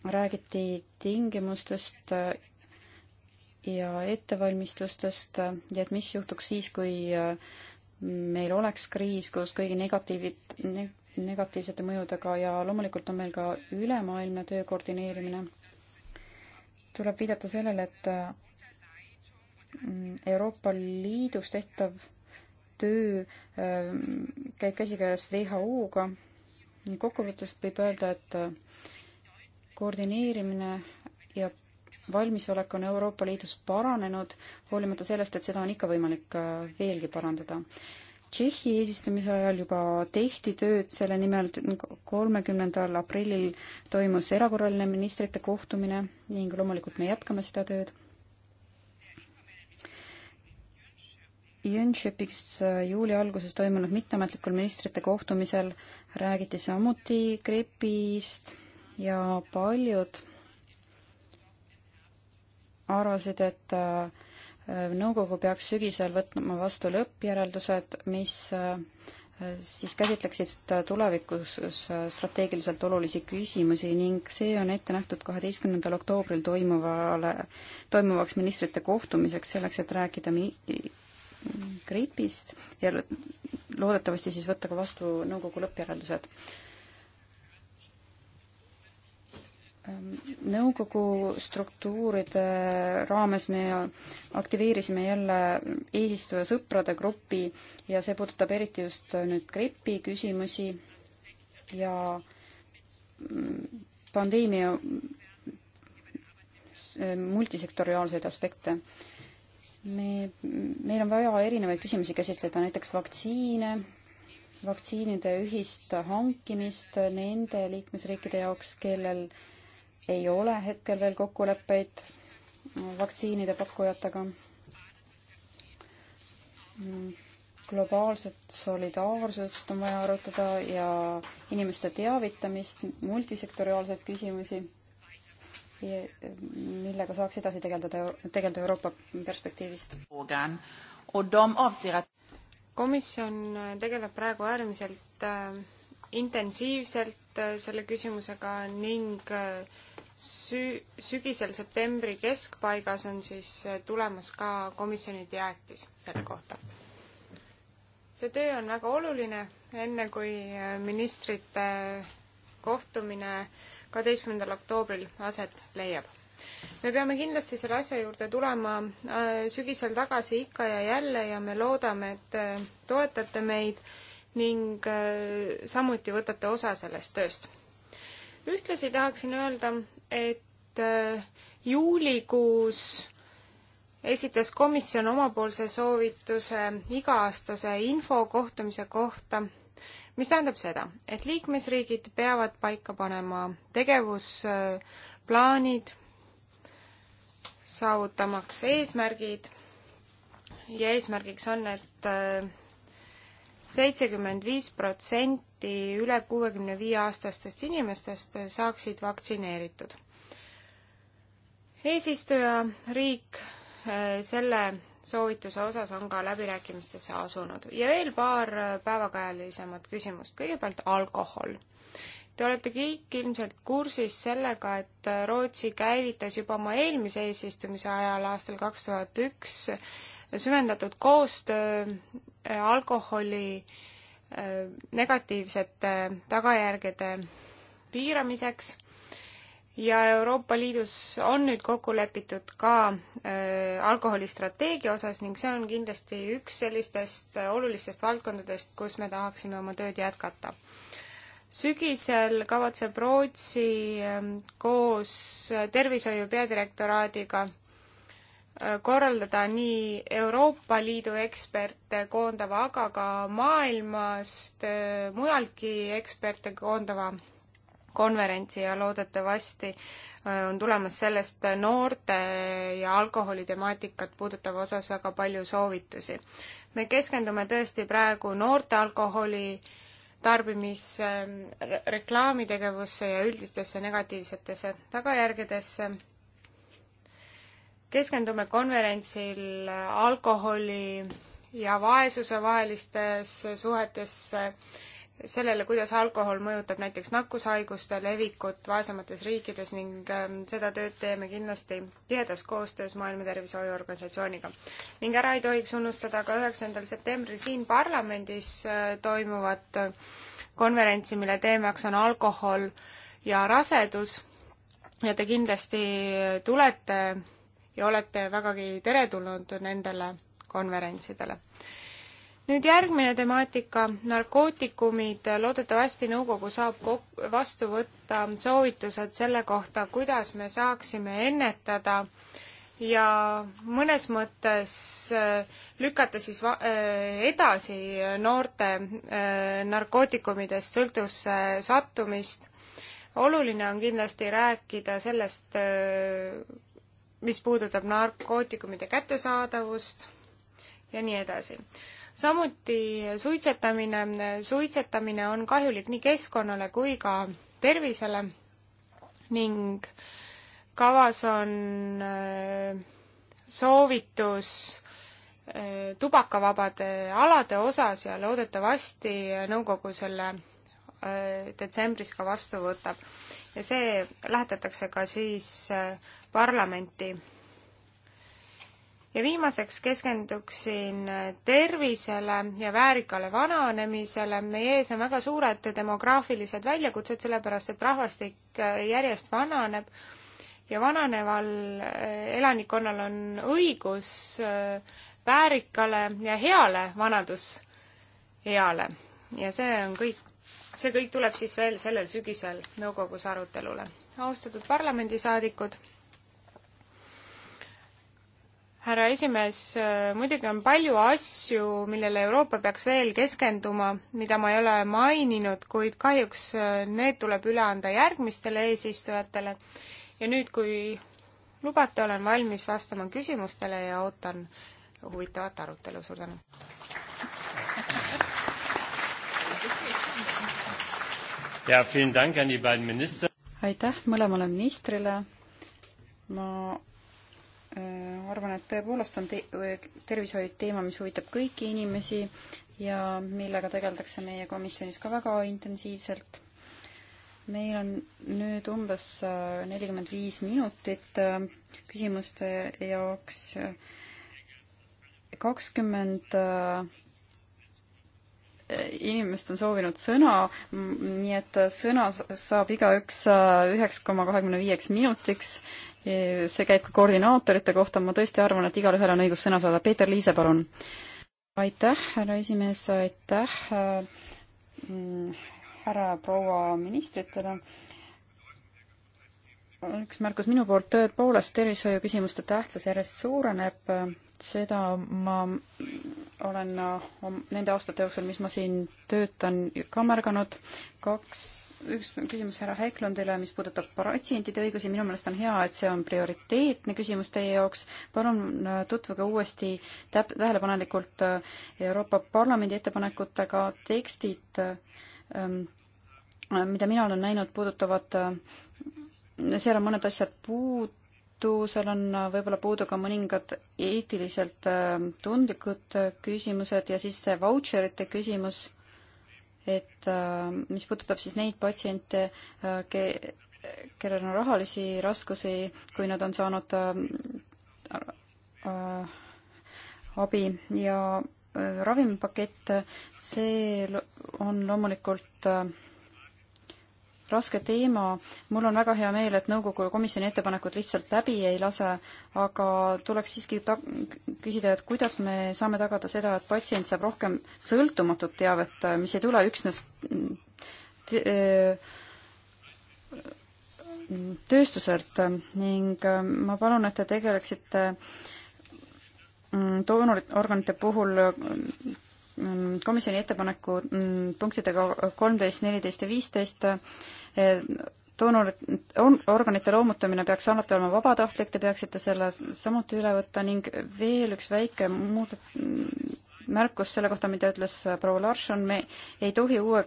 räägiti tingimustest ja ettevalmistustest ja et mis juhtuks siis, kui äh, meil oleks kriis koos kõigi negatiivid ne,, negatiivsete mõjudega ja loomulikult on meil ka ülemaailmne töö koordineerimine. tuleb viidata sellele, et Euroopa Liidus tehtav töö ähm, käib käsikäes WHO-ga. kokkuvõttes võib öelda, et koordineerimine ja valmisolek on Euroopa Liidus paranenud, hoolimata sellest, et seda on ikka võimalik äh, veelgi parandada. Tšehhi eesistumise ajal juba tehti tööd selle nimel, kolmekümnendal aprillil toimus erakorraline ministrite kohtumine ning loomulikult me jätkame seda tööd Jönköpingis juuli alguses toimunud mitteametlikul ministrite kohtumisel räägiti samuti gripist ja paljud arvasid, et äh, nõukogu peaks sügisel võtma vastu lõppjäreldused, mis äh, siis käsitleksid tulevikus äh, strateegiliselt olulisi küsimusi ning see on ette nähtud kaheteistkümnendal oktoobril toimuvale, toimuvaks ministrite kohtumiseks, selleks et rääkida gripist ja loodetavasti siis võtta ka vastu nõukogu lõppjäreldused. Ähm, nõukogu struktuuride raames me aktiveerisime jälle eesistuja sõprade grupi ja see puudutab eriti just nüüd gripi küsimusi ja mm, pandeemia multisektoriaalseid aspekte me, meil on vaja erinevaid küsimusi käsitleda, näiteks vaktsiine, vaktsiinide ühist hankimist nende liikmesriikide jaoks, kellel ei ole hetkel veel kokkuleppeid vaktsiinide pakkujatega. globaalset solidaarsust on vaja arutada ja inimeste teavitamist, multisektoriaalseid küsimusi millega saaks edasi tegeleda, tegeleda Euroopa perspektiivist. komisjon tegeleb praegu äärmiselt äh, intensiivselt äh, selle küsimusega ning äh, sü-, sügisel septembri keskpaigas on siis tulemas ka komisjoni teatis selle kohta. see töö on väga oluline, enne kui ministrite kohtumine kaheteistkümnendal oktoobril aset leiab. me peame kindlasti selle asja juurde tulema äh, sügisel tagasi ikka ja jälle ja me loodame, et äh, toetate meid ning äh, samuti võtate osa sellest tööst. ühtlasi tahaksin öelda, et juulikuus esitas komisjon omapoolse soovituse iga-aastase infokohtumise kohta mis tähendab seda, et liikmesriigid peavad paika panema tegevusplaanid, saavutamaks eesmärgid ja eesmärgiks on et, et äh, seitsekümmend viis protsenti üle kuuekümne viie aastastest inimestest saaksid vaktsineeritud. eesistuja riik äh, selle soovituse osas on ka läbirääkimistesse asunud. ja veel paar äh, päevakajalisemat küsimust. kõigepealt alkohol. Te olete kõik ilmselt kursis sellega, et äh, Rootsi käivitas juba oma eelmise eesistumise ajal aastal kaks tuhat üks süvendatud koostöö äh, alkoholi negatiivsete tagajärgede piiramiseks ja Euroopa Liidus on nüüd kokku lepitud ka äh, alkoholistrateegia osas ning see on kindlasti üks sellistest äh, olulistest valdkondadest, kus me tahaksime oma tööd jätkata. sügisel kavatseb Rootsi ähm, äh, koos tervishoiu peadirektoraadiga äh, korraldada nii Euroopa Liidu eksperte koondava, aga ka maailmast äh, mujaltki eksperte koondava konverentsi ja loodetavasti äh, on tulemas sellest noorte ja alkoholitemaatikat puudutava osas väga palju soovitusi. me keskendume tõesti praegu noorte alkoholi tarbimisse, reklaamitegevusse ja üldistesse negatiivsetesse tagajärgedesse. keskendume konverentsil alkoholi ja vaesuse vahelistes suhetes äh, sellele, kuidas alkohol mõjutab näiteks nakkushaiguste levikut vaesemates riikides ning ähm, seda tööd teeme kindlasti tihedas koostöös Maailma Tervishoiuorganisatsiooniga. ning ära ei tohiks unustada ka üheksandal septembril siin parlamendis äh, toimuvat äh, konverentsi, mille teemaks on alkohol ja rasedus ja te kindlasti tulete ja olete vägagi teretulnud nendele konverentsidele nüüd järgmine temaatika, narkootikumid, loodetavasti nõukogu saab kok-, vastu võtta soovitused selle kohta, kuidas me saaksime ennetada ja mõnes mõttes äh, lükata siis va-, äh, edasi noorte äh, narkootikumidest sõltuvusse sattumist. oluline on kindlasti rääkida sellest, mis puudutab narkootikumide kättesaadavust ja nii edasi samuti suitsetamine, suitsetamine on kahjulik nii keskkonnale kui ka tervisele ning kavas on äh, soovitus äh, tubakavabade alade osas ja loodetavasti nõukogu selle äh, detsembris ka vastu võtab. ja see lähetatakse ka siis parlamenti ja viimaseks keskenduksin tervisele ja väärikale vananemisele. meie ees on väga suured demograafilised väljakutsed, sellepärast et rahvastik äh, järjest vananeb ja vananeval äh, elanikkonnal on õigus äh, väärikale ja heale vanaduseale. ja see on kõik, see kõik tuleb siis veel sellel sügisel nõukogus arutelule. austatud parlamendisaadikud härra esimees, muidugi on palju asju, millele Euroopa peaks veel keskenduma, mida ma ei ole maininud, kuid kahjuks äh, need tuleb üle anda järgmistele eesistujatele. ja nüüd, kui lubate, olen valmis vastama küsimustele ja ootan huvitavat arutelu, suur tänu. aitäh mõlemale ministrile, ma Äh, arvan, et tõepoolest on te-, äh, tervishoid teema, mis huvitab kõiki inimesi ja millega tegeldakse meie komisjonis ka väga intensiivselt. meil on nüüd umbes äh, nelikümmend viis minutit küsimuste jaoks, kakskümmend inimest on soovinud sõna, nii et sõna saab igaüks üheks koma kahekümne viieks minutiks see käib ka koordinaatorite kohta, ma tõesti arvan, et igalühel on õigus sõna saada. Peeter Liise, palun. aitäh, härra esimees, aitäh äh, härra proua ministritele. üks märkus minu poolt, tõepoolest tervishoiuküsimuste tähtsus järjest suureneb, seda ma olen äh, nende aastate jooksul, mis ma siin töötan, ka märganud, kaks üks küsimus härra Häiklundile, mis puudutab patsientide õigusi, minu meelest on hea, et see on prioriteetne küsimus teie jaoks. palun äh, tutvuge uuesti täp-, tähelepanelikult äh, Euroopa Parlamendi ettepanekutega, tekstid, äh, ähm, mida mina olen näinud, puudutavad, seal on mõned asjad puudu, seal on võib-olla puudu ka mõningad eetiliselt tundlikud küsimused ja siis see vautšerite küsimus et äh, mis puudutab siis neid patsiente, äh, ke-, kellel on rahalisi raskusi, kui nad on saanud äh, äh abi ja ravimipakett, see on loomulikult äh, raske teema. mul on väga hea meel, et nõukogu ja komisjoni ettepanekud lihtsalt läbi ei lase, aga tuleks siiski ta-, küsida, et kuidas me saame tagada seda, et patsient saab rohkem sõltumatut teavet, mis ei tule üksnes tööstuselt ning äh, ma palun, et te tegeleksite mm, doonororganite puhul mm, komisjoni ettepaneku mm, punktidega kolmteist, neliteist ja viisteist doonorit, organite loomutamine peaks alati olema vabatahtlik, te peaksite selle samuti üle võtta ning veel üks väike muud märkus selle kohta, mida ütles proua Larson, me ei tohi uue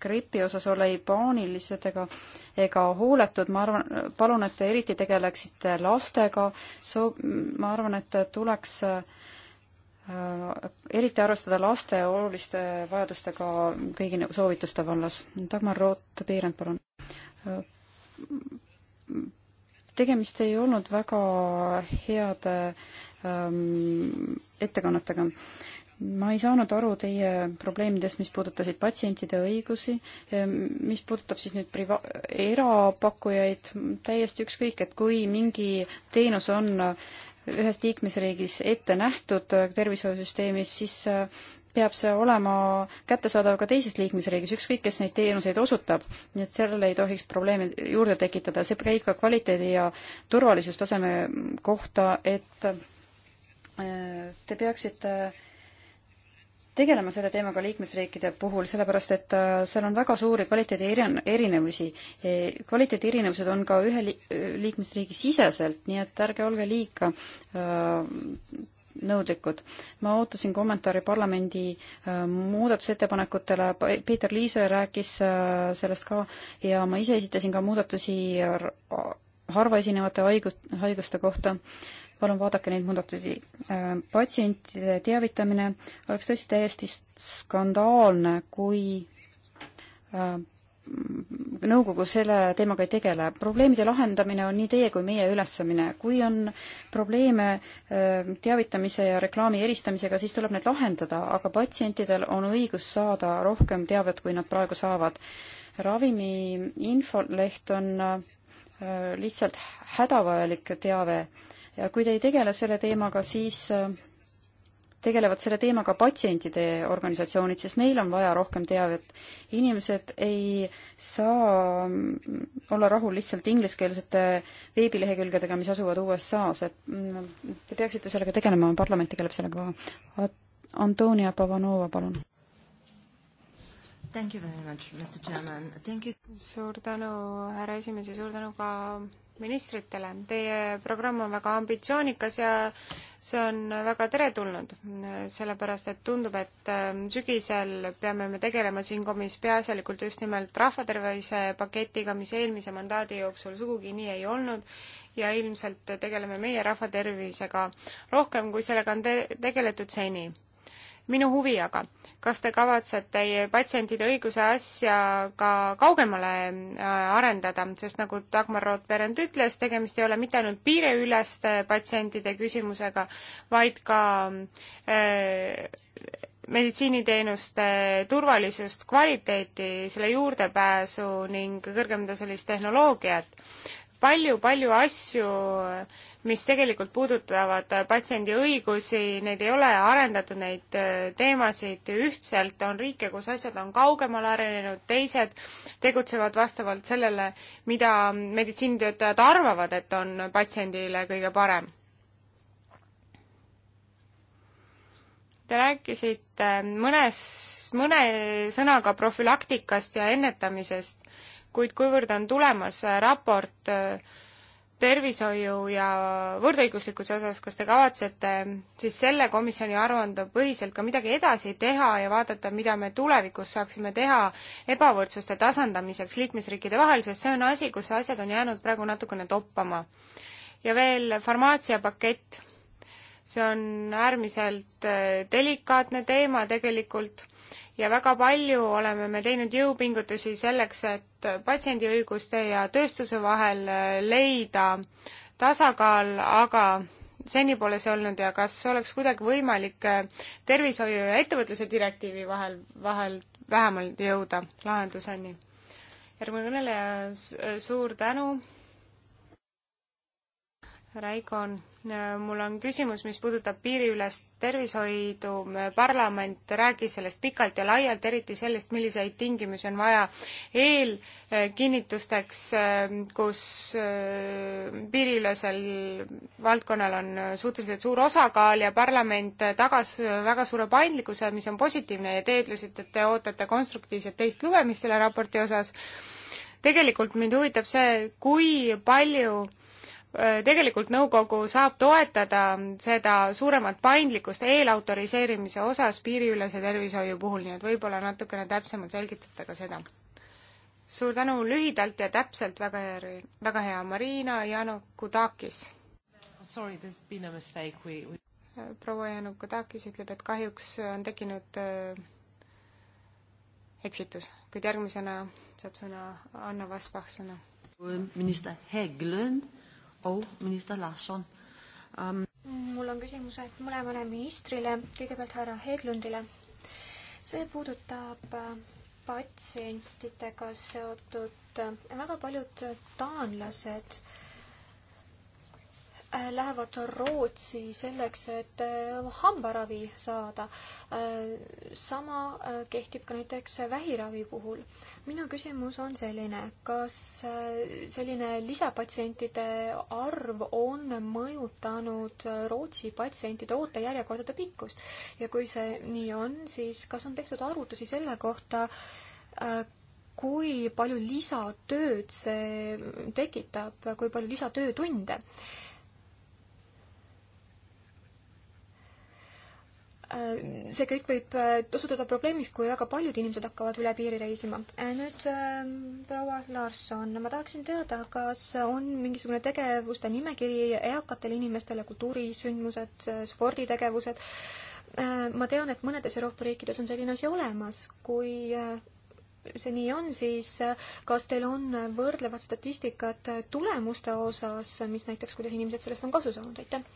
gripi osas olla ei paanilised ega, ega hooletud, ma arvan, palun, et te eriti tegeleksite lastega, soo-, ma arvan, et tuleks äh, eriti arvestada laste oluliste vajadustega kõigi soovituste vallas. Dagmar Root, Piirand, palun tegemist ei olnud väga heade ähm, ettekannetega. ma ei saanud aru teie probleemidest, mis puudutasid patsientide õigusi, ähm, mis puudutab siis nüüd priva-, erapakkujaid, täiesti ükskõik, et kui mingi teenus on ühes liikmesriigis ette nähtud tervishoiusüsteemis, siis äh, peab see olema kättesaadav ka teises liikmesriigis, ükskõik kes neid teenuseid osutab. nii et sellele ei tohiks probleeme juurde tekitada, see käib ka kvaliteedi ja turvalisustaseme kohta, et äh, te peaksite tegelema selle teemaga liikmesriikide puhul, sellepärast et äh, seal on väga suuri kvaliteedi erinevusi. E, kvaliteedi erinevused on ka ühe li liikmesriigi siseselt, nii et ärge olge liiga äh, nõudlikud. ma ootasin kommentaari parlamendi äh, muudatusettepanekutele, Peeter Liise rääkis äh, sellest ka ja ma ise esitasin ka muudatusi harvaesinevate haigus, haiguste kohta. palun vaadake neid muudatusi. Äh, patsientide teavitamine oleks tõesti täiesti skandaalne, kui nõukogu selle teemaga ei tegele. probleemide lahendamine on nii teie kui meie ülesanne. kui on probleeme äh, teavitamise ja reklaami eristamisega, siis tuleb need lahendada, aga patsientidel on õigus saada rohkem teavet, kui nad praegu saavad. ravimi infoleht on äh, lihtsalt hädavajalik teave ja kui te ei tegele selle teemaga, siis äh, tegelevad selle teemaga patsientide organisatsioonid, sest neil on vaja rohkem teavet. inimesed ei saa olla rahul lihtsalt ingliskeelsete veebilehekülgedega, mis asuvad USA-s, et mm, te peaksite sellega tegelema, parlament tegeleb sellega ka. Antonia Pavanova, palun. suur tänu, härra esimees ja suur tänu ka ministritele. Teie programm on väga ambitsioonikas ja see on väga teretulnud, sellepärast et tundub, et ähm, sügisel peame me tegelema siin komis peaasjalikult just nimelt rahvatervise paketiga, mis eelmise mandaadi jooksul sugugi nii ei olnud ja ilmselt tegeleme meie rahvatervisega rohkem, kui sellega on te tegeletud seni. minu huvi aga kas te kavatsete patsientide õiguse asja ka kaugemale äh, arendada, sest nagu Dagmar Roth-Berend ütles, tegemist ei ole mitte ainult piiriüleste patsientide küsimusega, vaid ka äh, meditsiiniteenuste turvalisust, kvaliteeti, selle juurdepääsu ning kõrgemda sellist tehnoloogiat palju-palju asju, mis tegelikult puudutavad patsiendi õigusi, neid ei ole arendatud, neid äh, teemasid ühtselt, on riike, kus asjad on kaugemale arenenud, teised tegutsevad vastavalt sellele, mida meditsiinitöötajad arvavad, et on patsiendile kõige parem. Te rääkisite mõnes, mõne sõnaga profülaktikast ja ennetamisest kuid kuivõrd on tulemas äh, raport äh, tervishoiu ja võrdõiguslikkuse osas, kas te kavatsete äh, siis selle komisjoni aruande põhiselt ka midagi edasi teha ja vaadata, mida me tulevikus saaksime teha ebavõrdsuste tasandamiseks liikmesriikide vahel, sest see on asi, kus asjad on jäänud praegu natukene toppama. ja veel farmaatsiapakett. see on äärmiselt delikaatne teema tegelikult ja väga palju oleme me teinud jõupingutusi selleks, et patsiendi õiguste ja tööstuse vahel leida tasakaal, aga seni pole see olnud ja kas oleks kuidagi võimalik tervishoiu ja ettevõtluse direktiivi vahel, vahel vähemalt jõuda lahenduseni? järgmine kõneleja, suur tänu. Raikon mul on küsimus, mis puudutab piiriülest tervishoidu. parlament rääkis sellest pikalt ja laialt, eriti sellest, milliseid tingimusi on vaja eelkinnitusteks, kus äh, piiriülesel valdkonnal on suhteliselt suur osakaal ja parlament tagas väga suure paindlikkuse, mis on positiivne ja te ütlesite, et te ootate konstruktiivset teist lugemist selle raporti osas. tegelikult mind huvitab see, kui palju Äh, tegelikult nõukogu saab toetada seda suuremat paindlikkust eelautoriseerimise osas piiriülese tervishoiu puhul, nii et võib-olla natukene täpsemalt selgitate ka seda. suur tänu lühidalt ja täpselt, väga hea, väga hea, Marina Janukutakis. Äh, proua Janukutakis ütleb, et kahjuks on tekkinud äh, eksitus, kuid järgmisena saab sõna Anna Vaskah sõna. minister Hägglund oh,, minister Larson um.... mul on küsimused mõlemale ministrile, kõigepealt härra Hedlundile. see puudutab äh, patsientidega seotud, äh, väga paljud taanlased Äh, lähevad Rootsi selleks, et äh, hambaravi saada. Äh, sama kehtib ka näiteks vähiravi puhul. minu küsimus on selline, kas selline lisapatsientide arv on mõjutanud Rootsi patsientide ootejärjekordade pikkust ja kui see nii on, siis kas on tehtud arvutusi selle kohta, kui palju lisatööd see tekitab, kui palju lisatöötunde. Äh, see kõik võib äh, osutuda probleemiks, kui väga paljud inimesed hakkavad üle piiri reisima. Äh, nüüd ähm, proua Larson, ma tahaksin teada, kas on mingisugune tegevuste nimekiri eakatele inimestele, kultuurisündmused, sporditegevused? ma tean, et mõnedes Euroopa riikides on selline asi olemas, kui see nii on, siis kas teil on võrdlevat statistikat tulemuste osas, mis näitaks, kuidas inimesed sellest on kasu saanud, aitäh?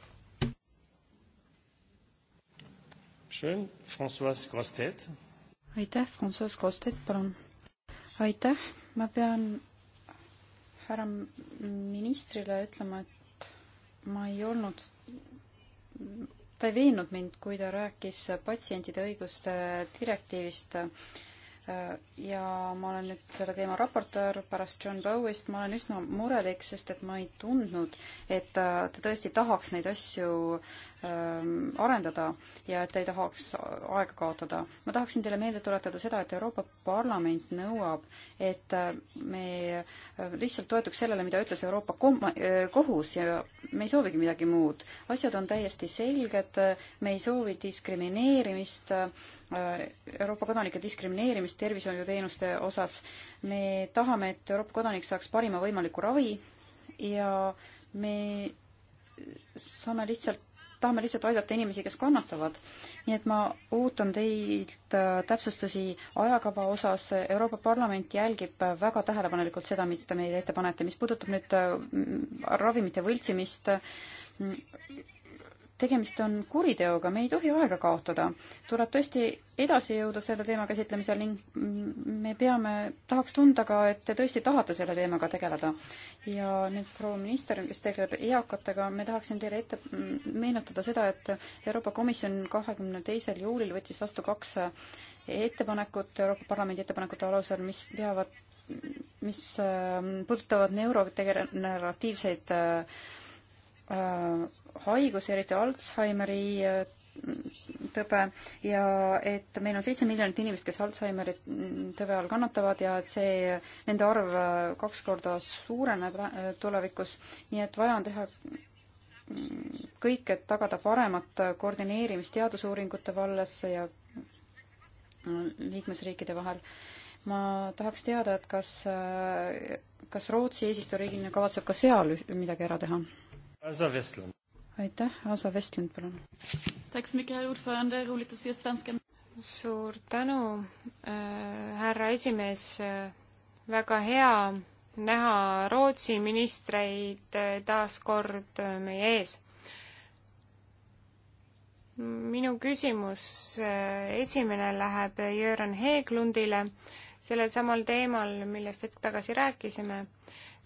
aitäh, Francois Grostet, palun. aitäh, ma pean härra ministrile ütlema, et ma ei olnud, ta ei veennud mind, kui ta rääkis patsientide õiguste direktiivist äh, Äh, ja ma olen nüüd selle teema raportöör pärast John Bowist, ma olen üsna murelik, sest et ma ei tundnud, et äh, ta tõesti tahaks neid asju ähm, arendada ja et ta ei tahaks aega kaotada. ma tahaksin teile meelde tuletada seda, et Euroopa Parlament nõuab, et äh, me lihtsalt toetuks sellele, mida ütles Euroopa kom-, kohus ja me ei soovigi midagi muud. asjad on täiesti selged, me ei soovi diskrimineerimist, äh, Euroopa kodanike diskrimineerimist tervishoiuteenuste osas. me tahame, et Euroopa kodanik saaks parima võimaliku ravi ja me saame lihtsalt tahame lihtsalt aidata inimesi, kes kannatavad. nii et ma ootan teilt äh, täpsustusi ajakava osas, Euroopa Parlament jälgib äh, väga tähelepanelikult seda, mis te meile ette panete, mis puudutab nüüd äh, ravimite võltsimist, tegemist on kuriteoga, me ei tohi aega kaotada. tuleb tõesti edasi jõuda selle teema käsitlemisel ning me peame, tahaks tunda ka, et te tõesti tahate selle teemaga tegeleda. ja nüüd proua minister, kes tegeleb eakatega, me tahaksin teile ette meenutada seda, et Euroopa Komisjon kahekümne teisel juulil võttis vastu kaks ettepanekut Euroopa Parlamendi ettepanekute alusel, mis peavad, mis äh, puudutavad neurodegeneratiivseid äh, Äh, haigus, eriti Alžeimeri äh, tõbe ja et meil on seitse miljonit inimest, kes Alžeimeri tõve all kannatavad ja et see, nende arv äh, kaks korda suureneb tulevikus, nii et vaja on teha mm, kõik, et tagada paremat koordineerimist teadusuuringute vallas ja mm, liikmesriikide vahel. ma tahaks teada, et kas, kas Rootsi eesistujariigina kavatseb ka seal midagi ära teha? Asa Vestlund. aitäh, Asa Vestlund, palun. suur tänu äh,, härra esimees äh,, väga hea näha Rootsi ministreid äh, taas kord äh, meie ees. minu küsimus, äh, esimene läheb Jüran Heeglundile sellel samal teemal, millest hetk tagasi rääkisime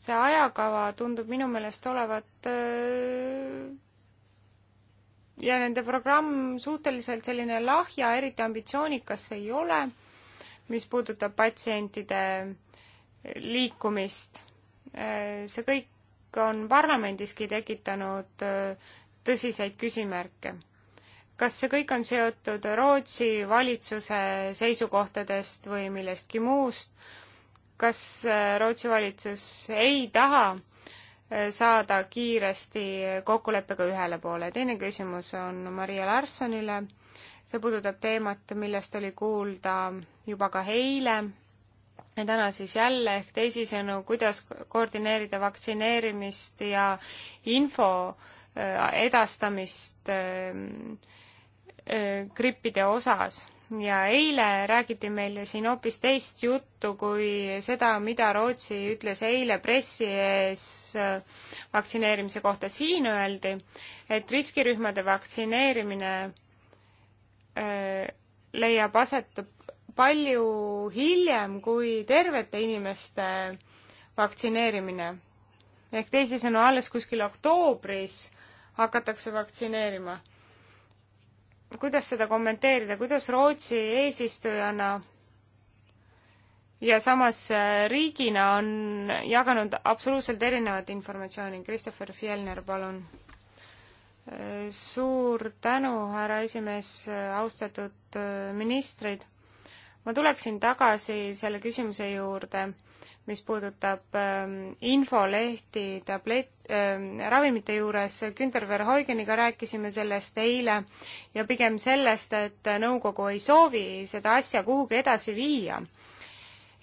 see ajakava tundub minu meelest olevat ja nende programm suhteliselt selline lahja, eriti ambitsioonikas see ei ole, mis puudutab patsientide liikumist. see kõik on parlamendiski tekitanud tõsiseid küsimärke. kas see kõik on seotud Rootsi valitsuse seisukohtadest või millestki muust, kas äh, Rootsi valitsus ei taha äh, saada kiiresti kokkuleppega ühele poole. teine küsimus on Maria Larssonile. see puudutab teemat, millest oli kuulda juba ka eile ja täna siis jälle ehk teisisõnu, kuidas koordineerida vaktsineerimist ja info äh, edastamist ähm, grippide osas ja eile räägiti meile siin hoopis teist juttu kui seda, mida Rootsi ütles eile pressi ees äh, vaktsineerimise kohta. siin öeldi, et riskirühmade vaktsineerimine öö, äh, leiab aset palju hiljem kui tervete inimeste vaktsineerimine. ehk teisisõnu, alles kuskil oktoobris hakatakse vaktsineerima kuidas seda kommenteerida, kuidas Rootsi eesistujana ja samas äh, riigina on jaganud absoluutselt erinevat informatsiooni. Christopher Fjellner, palun. Äh, suur tänu, härra esimees, äh, austatud ministrid. ma tuleksin tagasi selle küsimuse juurde mis puudutab ähm, infolehti tablett, ähm, ravimite juures, Günter Verheugeniga rääkisime sellest eile ja pigem sellest, et nõukogu ei soovi seda asja kuhugi edasi viia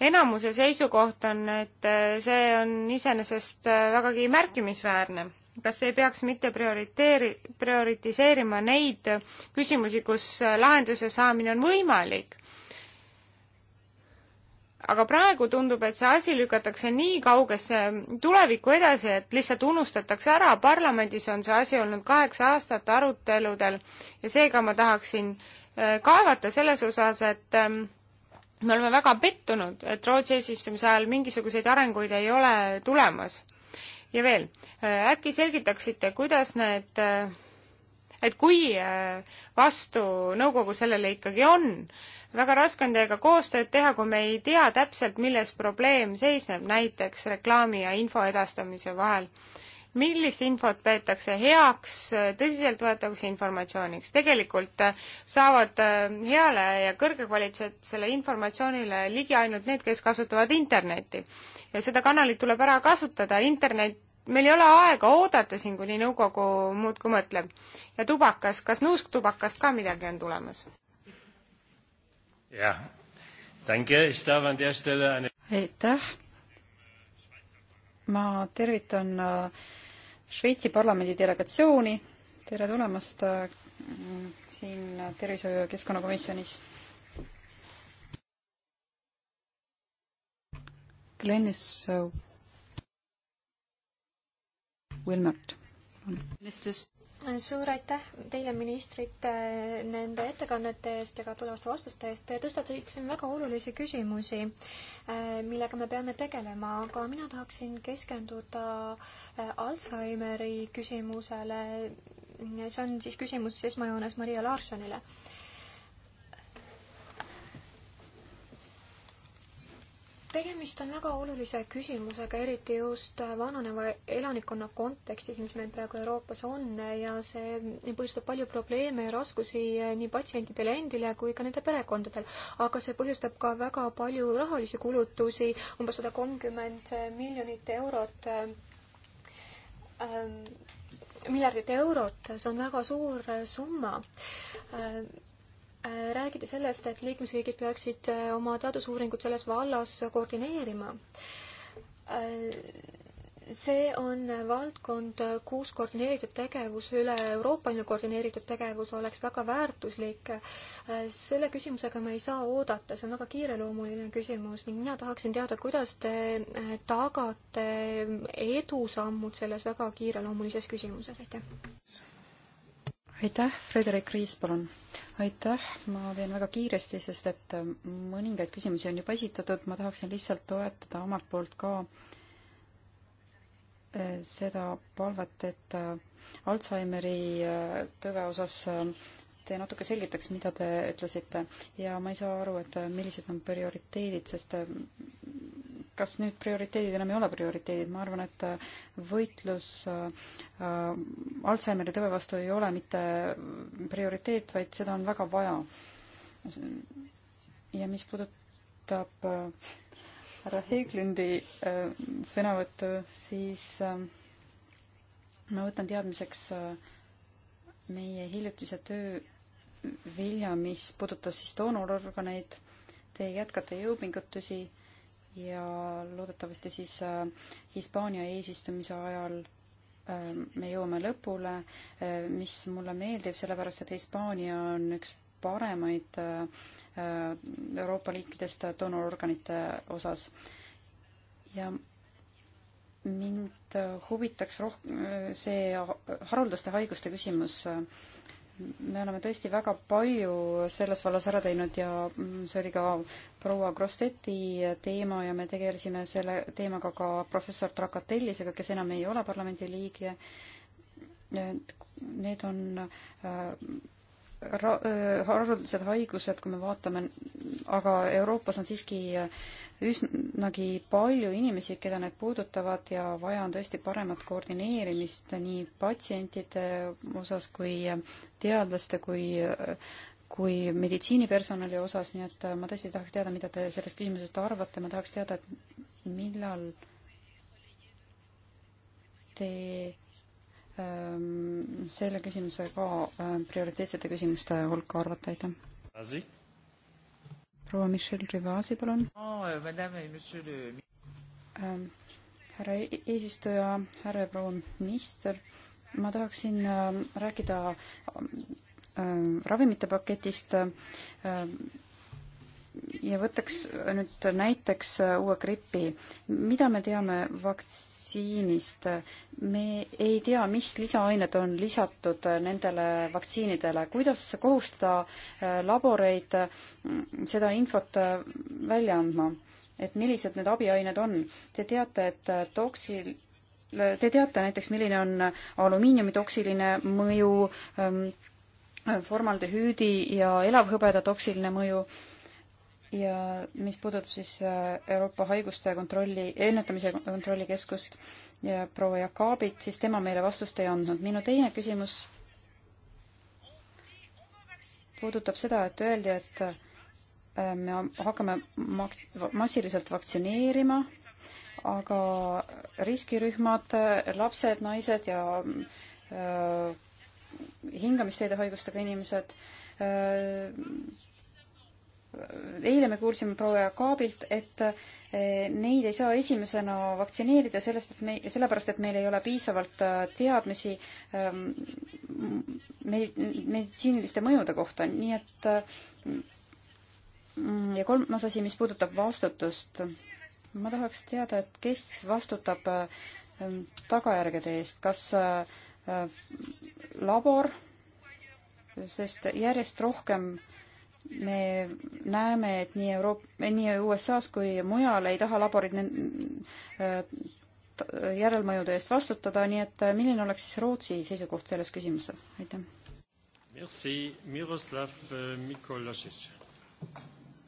enamuse seisukoht on, et äh, see on iseenesest äh, vägagi märkimisväärne. kas ei peaks mitte prioriteeri-, prioritiseerima neid küsimusi, kus äh, lahenduse saamine on võimalik? aga praegu tundub, et see asi lükatakse nii kaugesse tulevikku edasi, et lihtsalt unustatakse ära, parlamendis on see asi olnud kaheksa aastat aruteludel ja seega ma tahaksin äh, kaevata selles osas, et ähm, me oleme väga pettunud, et Rootsi eesistumise ajal mingisuguseid arenguid ei ole tulemas. ja veel, äh, äkki selgitaksite, kuidas need äh, et kui vastu nõukogu sellele ikkagi on, väga raske on teiega koostööd teha, kui me ei tea täpselt, milles probleem seisneb, näiteks reklaami ja info edastamise vahel. millist infot peetakse heaks, tõsiseltvõetavaks informatsiooniks? tegelikult äh, saavad äh, heale ja kõrgekvaliteetsele informatsioonile ligi ainult need, kes kasutavad Internetti. ja seda kanalit tuleb ära kasutada, Internet meil ei ole aega oodata siin, kuni nõukogu muudkui mõtleb. ja tubakas, kas nuusktubakast ka midagi on tulemas? jah, tänke, Stavan Teastele. aitäh. ma tervitan äh, Šveitsi parlamendi delegatsiooni. tere tulemast äh, siin tervishoiu ja keskkonnakomisjonis Glenis äh, Wilmert suur aitäh teile, ministrid, nende ettekannete eest ja ka tulevaste vastuste eest. Te tõstatasite siin väga olulisi küsimusi, äh, millega me peame tegelema, aga mina tahaksin keskenduda äh, Alžeimeri küsimusele. see on siis küsimus esmajoones Maria Larsonile tegemist on väga olulise küsimusega, eriti just vananeva elanikkonna kontekstis, mis meil praegu Euroopas on ja see põhjustab palju probleeme ja raskusi nii patsientidele endile kui ka nende perekondadel. aga see põhjustab ka väga palju rahalisi kulutusi, umbes sada kolmkümmend miljonit eurot ähm, miljardit eurot, see on väga suur summa ähm, Äh, räägiti sellest, et liikmesriigid peaksid äh, oma teadusuuringud selles vallas koordineerima. Äh, see on valdkond, kus koordineeritud tegevus, üle-euroopaline koordineeritud tegevus oleks väga väärtuslik. selle küsimusega me ei saa oodata, see on väga kiireloomuline küsimus ning mina tahaksin teada, kuidas te tagate edusammud selles väga kiireloomulises küsimuses, aitäh! aitäh, Frederik Riis, palun. aitäh, ma teen väga kiiresti, sest et äh, mõningaid küsimusi on juba esitatud, ma tahaksin lihtsalt toetada omalt poolt ka äh, seda palvet, et äh, Alžeimeri tõve osas te natuke selgitaks, mida te ütlesite ja ma ei saa aru, et millised on prioriteedid, sest kas nüüd prioriteedid enam ei ole prioriteedid, ma arvan, et äh, võitlus äh, äh Alžeimeri tõve vastu ei ole mitte prioriteet, vaid seda on väga vaja. ja mis puudutab äh, härra äh, Heeglundi äh, sõnavõttu, siis äh, ma võtan teadmiseks äh, meie hiljutise töö vilja, mis puudutas siis doonororganeid. Te jätkate jõupingutusi äh, ja loodetavasti siis äh, Hispaania eesistumise ajal äh, me jõuame lõpule, äh, mis mulle meeldib, sellepärast et Hispaania on üks paremaid Euroopa riikidest doonororganite osas. ja mind huvitaks roh-, see haruldaste haiguste küsimus äh, me oleme tõesti väga palju selles vallas ära teinud ja see oli ka proua Grosteti teema ja me tegelesime selle teemaga ka professor Trakatellisega, kes enam ei ole parlamendi liige. Need on äh, Äh, haruldased haigused, kui me vaatame, aga Euroopas on siiski üsnagi palju inimesi, keda need puudutavad ja vaja on tõesti paremat koordineerimist nii patsientide osas kui teadlaste kui kui meditsiinipersonali osas, nii et ma tõesti tahaks teada, mida te sellest küsimusest arvate, ma tahaks teada, et millal te Ehm, selle küsimuse ka ehm, prioriteetsete küsimuste hulka arvata, aitäh. proua Michelle Rivasi, palun oh,. härra e-, eesistuja, härra ja proua minister, ma tahaksin rääkida ravimite paketist ja võtaks nüüd näiteks äh, uue gripi. mida me teame vaktsiinist? me ei tea, mis lisaained on lisatud äh, nendele vaktsiinidele. kuidas kohustada äh, laboreid mm, seda infot välja andma? et millised need abiained on? Te teate, et toksil Te teate näiteks, milline on alumiiniumi toksiline mõju, ähm, formaldehüüdi ja elavhõbeda toksiline mõju äh, ja mis puudutab siis äh, Euroopa Haiguste Kontrolli, Ennetamise Kontrollikeskust ja proua Jakabit, siis tema meile vastust ei andnud. minu teine küsimus puudutab seda, et öeldi, et äh, me hakkame maks-, massiliselt vaktsineerima, aga riskirühmad, lapsed, naised ja äh, hingamisteede haigustega inimesed äh, eile me kuulsime proua Kaabilt, et eh, neid ei saa esimesena vaktsineerida sellest, et me, sellepärast, et meil ei ole piisavalt äh, teadmisi ähm, meditsiiniliste mõjude kohta, nii et äh, ja kolmas asi, mis puudutab vastutust. ma tahaks teada, et kes vastutab ähm, tagajärgede eest, kas äh, labor, sest järjest rohkem äh, me näeme, et nii Euroop-, nii USA-s kui mujal ei taha laborid äh, järelmõjude eest vastutada, nii et äh, milline oleks siis Rootsi seisukoht selles küsimuses? aitäh. Merci, Miroslav äh, Mikolasic.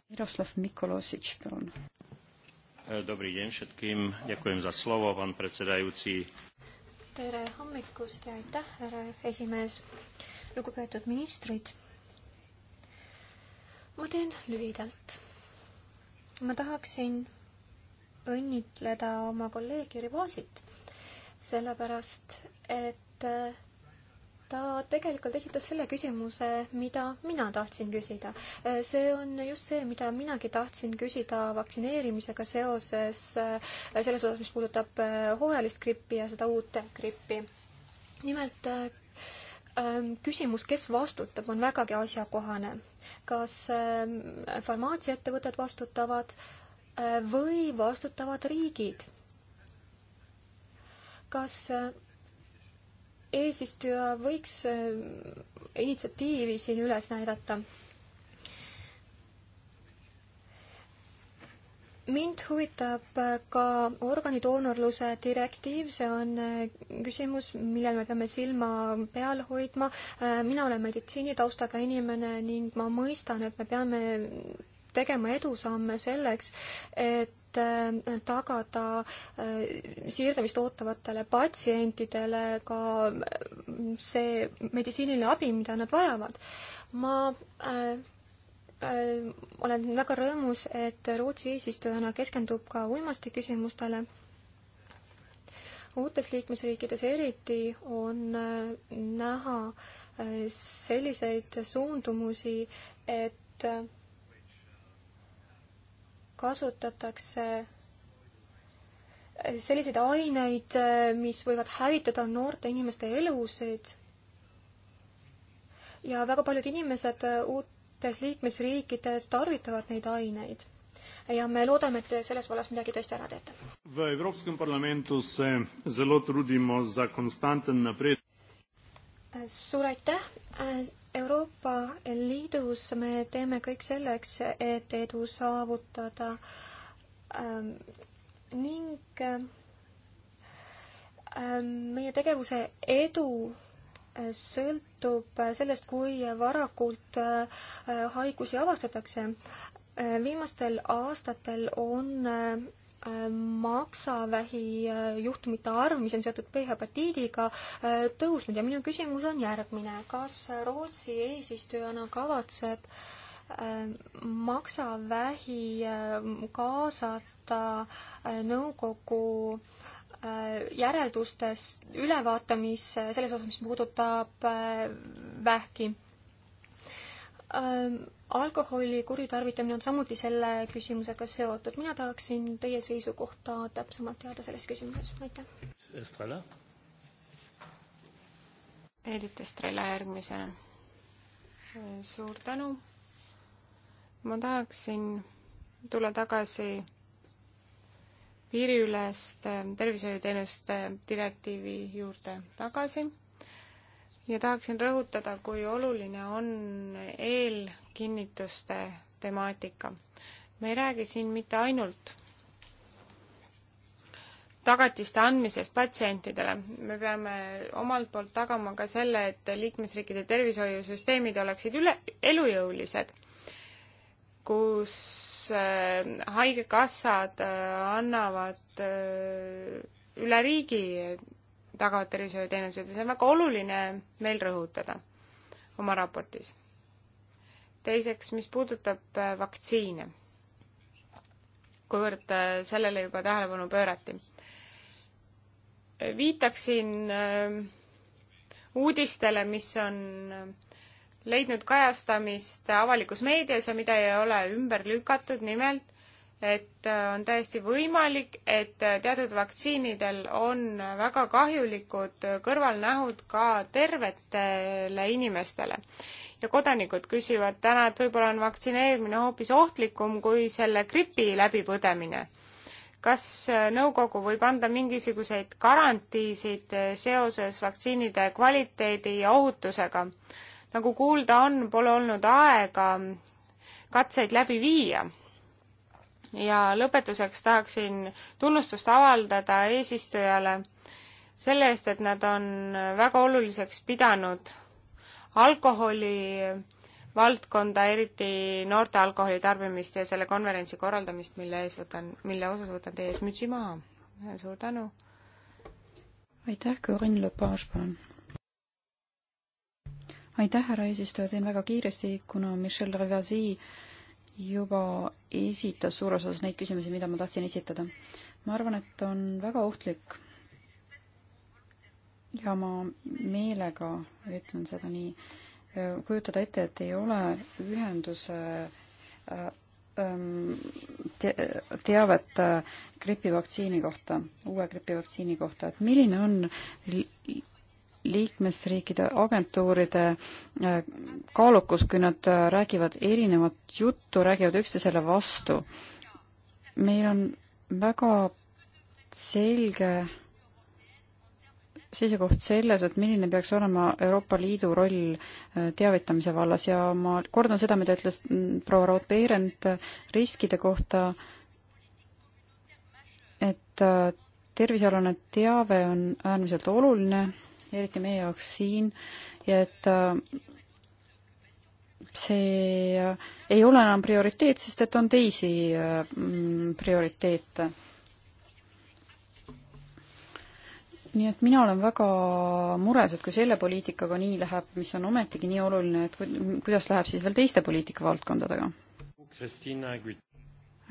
Miroslav Mikolasic, palun. Dobrý deň všetkým, ďakujem za slovo, pán predsedajúci. tere hommikust ja aitäh, härra esimees, lugupeetud ministrid ma teen lühidalt. ma tahaksin õnnitleda oma kolleegi Rivasit, sellepärast et ta tegelikult esitas selle küsimuse, mida mina tahtsin küsida. see on just see, mida minagi tahtsin küsida vaktsineerimisega seoses, selles osas, mis puudutab hooajalist grippi ja seda uut grippi. nimelt ähm, küsimus, kes vastutab, on vägagi asjakohane kas ähm, farmaatsiaettevõtted vastutavad äh, või vastutavad riigid? kas äh, eesistuja võiks äh, initsiatiivi siin üles näidata? mind huvitab äh, ka organidoonorluse direktiiv, see on äh, küsimus, millel me peame silma peal hoidma. Äh, mina olen meditsiinitaustaga inimene ning ma mõistan, et me peame tegema edusamme selleks, et tagada siirdamist ootavatele patsientidele ka see meditsiiniline abi, mida nad vajavad. ma Äh, olen väga rõõmus, et Rootsi eesistujana keskendub ka uimastiküsimustele. uutes liikmesriikides eriti on äh, näha äh, selliseid suundumusi, et kasutatakse selliseid aineid, mis võivad hävitada noorte inimeste elusid ja väga paljud inimesed uut mitmetes liikmesriikides tarvitavad neid aineid. ja me loodame, et selles vallas midagi tõesti ära teete. V Evropskem parlamentu se zelo trudimo za konstanten napred-. suur aitäh. Euroopa Liidus me teeme kõik selleks, et edu saavutada ähm, ning ähm, meie tegevuse edu sõltub sellest, kui varakult äh, haigusi avastatakse. Äh, viimastel aastatel on äh, maksavähi juhtumite arv, mis on seotud B-hepatiidiga, tõusnud ja minu küsimus on järgmine. kas Rootsi eesistujana kavatseb maksavähi kaasata nõukogu äh, Äh, järeldustes ülevaatamisse äh, selles osas, mis puudutab äh, vähki. Ähm, alkoholi kuritarvitamine on samuti selle küsimusega seotud. mina tahaksin teie seisukohta täpsemalt teada selles küsimuses. aitäh. Estrela. Edith Estrela järgmisena. suur tänu. ma tahaksin tulla tagasi piiriüleste ähm, tervishoiuteenuste direktiivi juurde tagasi ja tahaksin rõhutada, kui oluline on eelkinnituste temaatika. me ei räägi siin mitte ainult tagatiste andmisest patsientidele. me peame omalt poolt tagama ka selle, et liikmesriikide tervishoiusüsteemid oleksid üle, elujõulised kus äh, haigekassad äh, annavad äh, üle riigi tagavad tervishoiuteenused ja see on väga oluline meil rõhutada oma raportis. teiseks, mis puudutab vaktsiine, kuivõrd sellele juba tähelepanu pöörati. viitaksin uudistele, mis on leidnud kajastamist avalikus meedias ja mida ei ole ümber lükatud, nimelt et äh, on täiesti võimalik, et äh, teatud vaktsiinidel on väga kahjulikud äh, kõrvalnähud ka tervetele inimestele. ja kodanikud küsivad täna, et võib-olla on vaktsineerimine hoopis ohtlikum kui selle gripi läbipõdemine. kas nõukogu võib anda mingisuguseid garantiisid seoses vaktsiinide kvaliteedi ja ohutusega? nagu kuulda on, pole olnud aega katseid läbi viia. ja lõpetuseks tahaksin tunnustust avaldada eesistujale selle eest, et nad on väga oluliseks pidanud alkoholi valdkonda, eriti noorte alkoholi tarbimist ja selle konverentsi korraldamist, mille ees võtan, mille osas võtan teie ees mütsi maha. suur tänu! aitäh, Corinne Lepage, palun! aitäh, härra eesistuja, teen väga kiiresti, kuna Michel Revasi juba esitas suures osas neid küsimusi, mida ma tahtsin esitada. ma arvan, et on väga ohtlik ja ma meelega ütlen seda nii, kujutada ette, et ei ole ühenduse äh, ähm, te teavet äh, gripivaktsiini kohta, uue gripivaktsiini kohta, et milline on liikmesriikide agentuuride äh, kaalukus, kui nad äh, räägivad erinevat juttu, räägivad üksteisele vastu. meil on väga selge seisukoht selles, et milline peaks olema Euroopa Liidu roll äh, teavitamise vallas ja ma kordan seda, mida ütles mm, proua Raud-Peerent riskide kohta, et tervisealane teave on äärmiselt oluline eriti meie jaoks siin, ja et äh, see äh, ei ole enam prioriteet, sest et on teisi äh, mm, prioriteete. nii et mina olen väga mures, et kui selle poliitikaga nii läheb, mis on ometigi nii oluline, et kuidas läheb siis veel teiste poliitikavaldkondadega?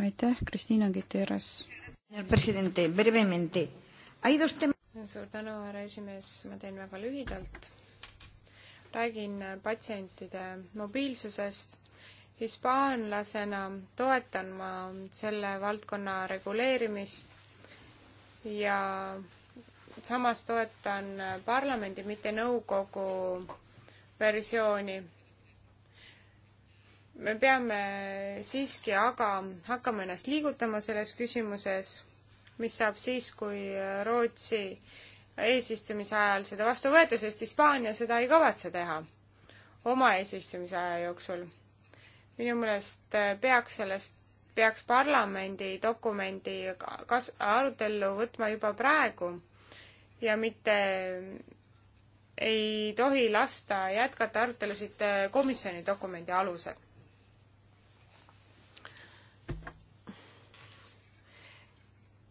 aitäh, Kristiina Gutierrez. president, brevemente suur tänu, härra esimees, ma teen väga lühidalt. räägin patsientide mobiilsusest. hispaanlasena toetan ma selle valdkonna reguleerimist ja samas toetan parlamendi, mitte nõukogu versiooni me peame siiski aga hakkama ennast liigutama selles küsimuses mis saab siis, kui Rootsi eesistumise ajal seda vastu ei võeta, sest Hispaania seda ei kavatse teha oma eesistumise aja jooksul. minu meelest äh, peaks sellest, peaks parlamendi dokumendi kas-, arutellu võtma juba praegu ja mitte äh, ei tohi lasta jätkata arutelusid äh, komisjoni dokumendi alusel.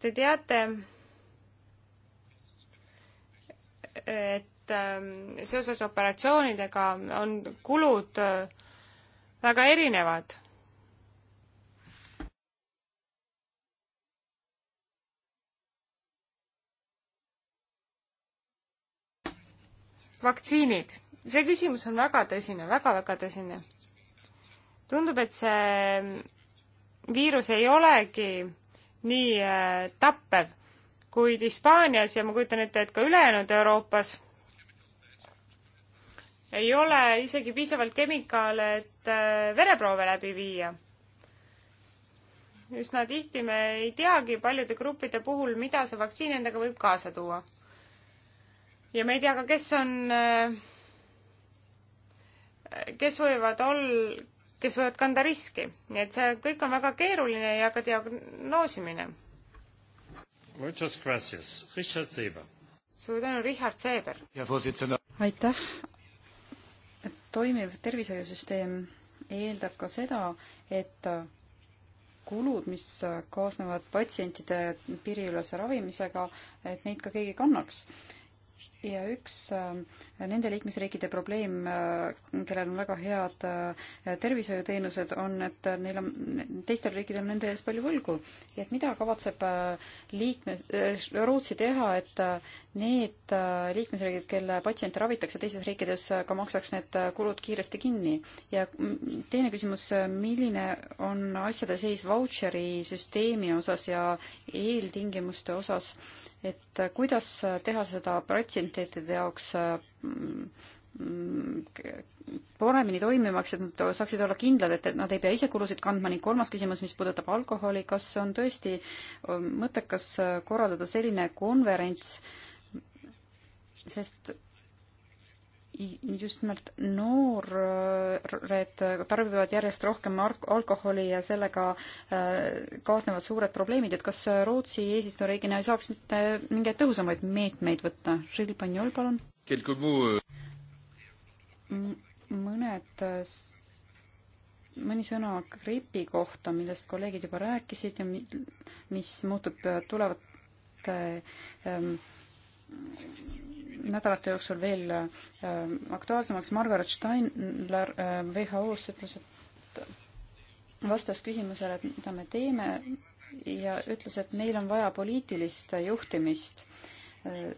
Te teate, et ähm, seoses operatsioonidega on kulud äh, väga erinevad. vaktsiinid, see küsimus on väga tõsine väga,, väga-väga tõsine. tundub, et see viirus ei olegi nii äh, tappev, kuid Hispaanias ja ma kujutan ette, et ka ülejäänud Euroopas ei ole isegi piisavalt kemikaale, et äh, vereproove läbi viia. üsna tihti me ei teagi paljude gruppide puhul, mida see vaktsiin endaga võib kaasa tuua. ja me ei tea ka, kes on, äh, kes võivad ol-, kes võivad kanda riski. nii et see kõik on väga keeruline ja ka diagnoosimine. suur tänu, Richard Seeber! aitäh! toimiv tervishoiusüsteem eeldab ka seda, et kulud, mis kaasnevad patsientide piiriülese ravimisega, et neid ka keegi kannaks ja üks äh, nende liikmesriikide probleem, äh, kellel on väga head äh, tervishoiuteenused, on, et neil on, teistel riikidel on nende ees palju võlgu. nii et mida kavatseb liikmes, Rootsi teha, et need liikmesriigid, kelle patsiente ravitakse teises riikides, ka maksaks need kulud kiiresti kinni? ja mm, teine küsimus, milline on asjade seis vautšerisüsteemi osas ja eeltingimuste osas? et kuidas teha seda patsientide jaoks mm, paremini toimimaks, et nad saaksid olla kindlad, et, et nad ei pea ise kulusid kandma ning kolmas küsimus, mis puudutab alkoholi, kas on tõesti mm, mõttekas korraldada selline konverents, sest just nimelt noored tarbivad järjest rohkem alkoholi ja sellega äh, kaasnevad suured probleemid, et kas Rootsi eesistujariigina ei saaks mitte mingeid tõhusamaid meetmeid võtta? Žil Panjol, palun. mõned, mõni sõna gripi kohta, millest kolleegid juba rääkisid ja mis muutub tulevate ähm, nädalate jooksul veel äh, aktuaalsemaks. Margaret Steinler äh, WHO-s ütles, et vastas küsimusele, et mida me teeme ja ütles, et meil on vaja poliitilist juhtimist, äh,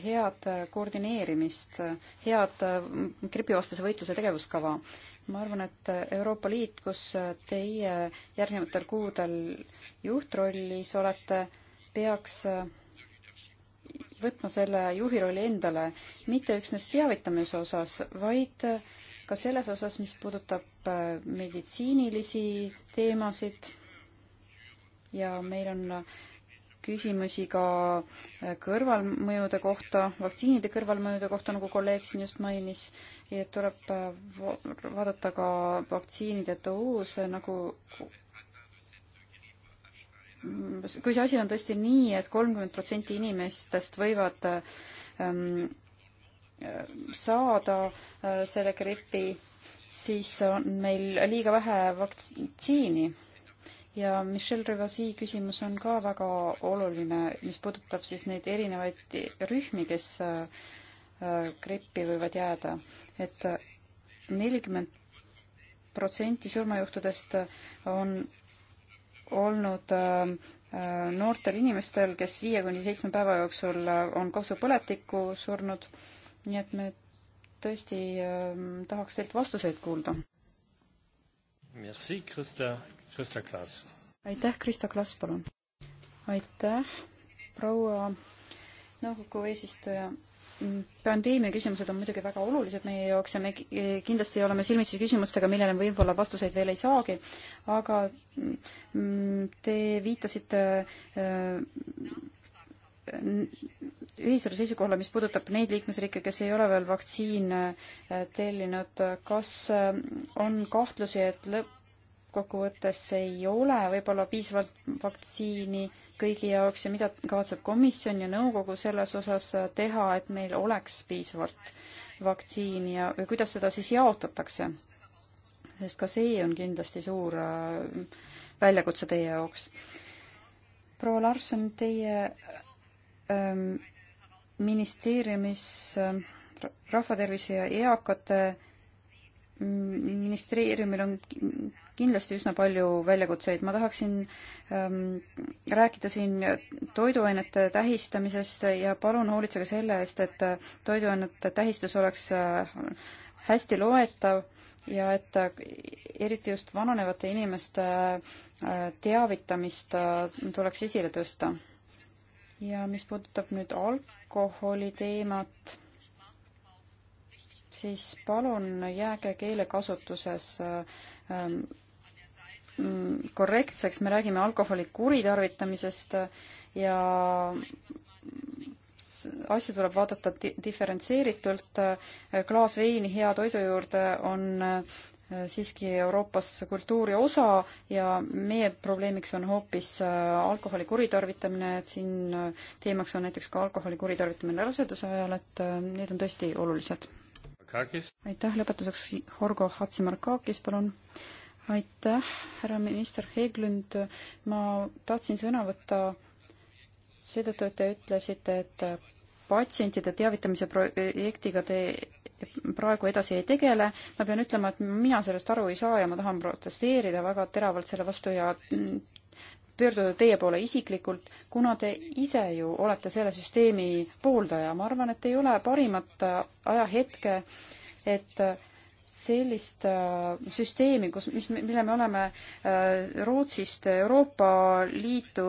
head koordineerimist, head gripivastase võitluse tegevuskava. ma arvan, et Euroopa Liit, kus teie järgnevatel kuudel juhtrollis olete, peaks võtma selle juhi rolli endale, mitte üksnes teavitamise osas, vaid ka selles osas, mis puudutab äh, meditsiinilisi teemasid ja meil on küsimusi ka äh, kõrvalmõjude kohta, vaktsiinide kõrvalmõjude kohta, nagu kolleeg siin just mainis, et tuleb äh, vaadata ka vaktsiinide doose, nagu kui see asi on tõesti nii et, et kolmkümmend protsenti inimestest võivad ähm, saada äh, selle gripi, siis on meil liiga vähe vaktsiini. ja Michel Rivasi küsimus on ka väga oluline, mis puudutab siis neid erinevaid rühmi, kes äh, grippi võivad jääda et, et äh, nelikümmend protsenti surmajuhtudest on olnud ähm, äh, noortel inimestel, kes viie kuni seitsme päeva jooksul äh, on kopsupõletikku surnud. nii et me tõesti ähm, tahaks teilt vastuseid kuulda. Merci, Krista, Krista Klaas. aitäh, Krista Klaas, palun. aitäh, proua nõukogu eesistuja pandeemia küsimused on muidugi väga olulised meie jaoks ja me kindlasti oleme silmitsi küsimustega, millele võib-olla vastuseid veel ei saagi, aga mm, te viitasite äh, ühisele seisukohale, mis puudutab neid liikmesriike, kes ei ole veel vaktsiine äh, tellinud, kas äh, on kahtlusi, et lõppkokkuvõttes ei ole võib-olla piisavalt vaktsiini äh, kõigi jaoks ja mida kavatseb komisjon ja nõukogu selles osas teha, et meil oleks piisavalt vaktsiini ja, või kuidas seda siis jaotatakse? sest ka see on kindlasti suur äh, väljakutse teie jaoks. proua Larson, teie ähm, ministeeriumis äh, rahvatervise ja eakate ministeeriumil on kindlasti üsna palju väljakutseid. ma tahaksin ähm, rääkida siin toiduainete tähistamisest ja palun hoolitsege selle eest, et toiduainete tähistus oleks äh, hästi loetav ja et äh, eriti just vananevate inimeste äh, teavitamist äh, tuleks esile tõsta. ja mis puudutab nüüd alkoholi teemat, siis palun jääge keelekasutuses ähm, Mm, korrektseks, me räägime alkoholi kuritarvitamisest ja asju tuleb vaadata diferentseeritult, klaas veini hea toidu juurde on äh, siiski Euroopas kultuuri osa ja meie probleemiks on hoopis äh, alkoholi kuritarvitamine, et siin äh, teemaks on näiteks ka alkoholi kuritarvitamine raseduse ajal, et need on tõesti olulised. aitäh, lõpetuseks Horgo Hatsimarkakis, palun aitäh, härra minister Heeglund, ma tahtsin sõna võtta seetõttu, et te ütlesite, et patsientide teavitamise projektiga te praegu edasi ei tegele. ma pean ütlema, et mina sellest aru ei saa ja ma tahan protesteerida väga teravalt selle vastu ja pöörduda teie poole isiklikult, kuna te ise ju olete selle süsteemi pooldaja. ma arvan, et ei ole parimat ajahetke, et äh, sellist äh, süsteemi, kus, mis, mille me oleme äh, Rootsist Euroopa Liitu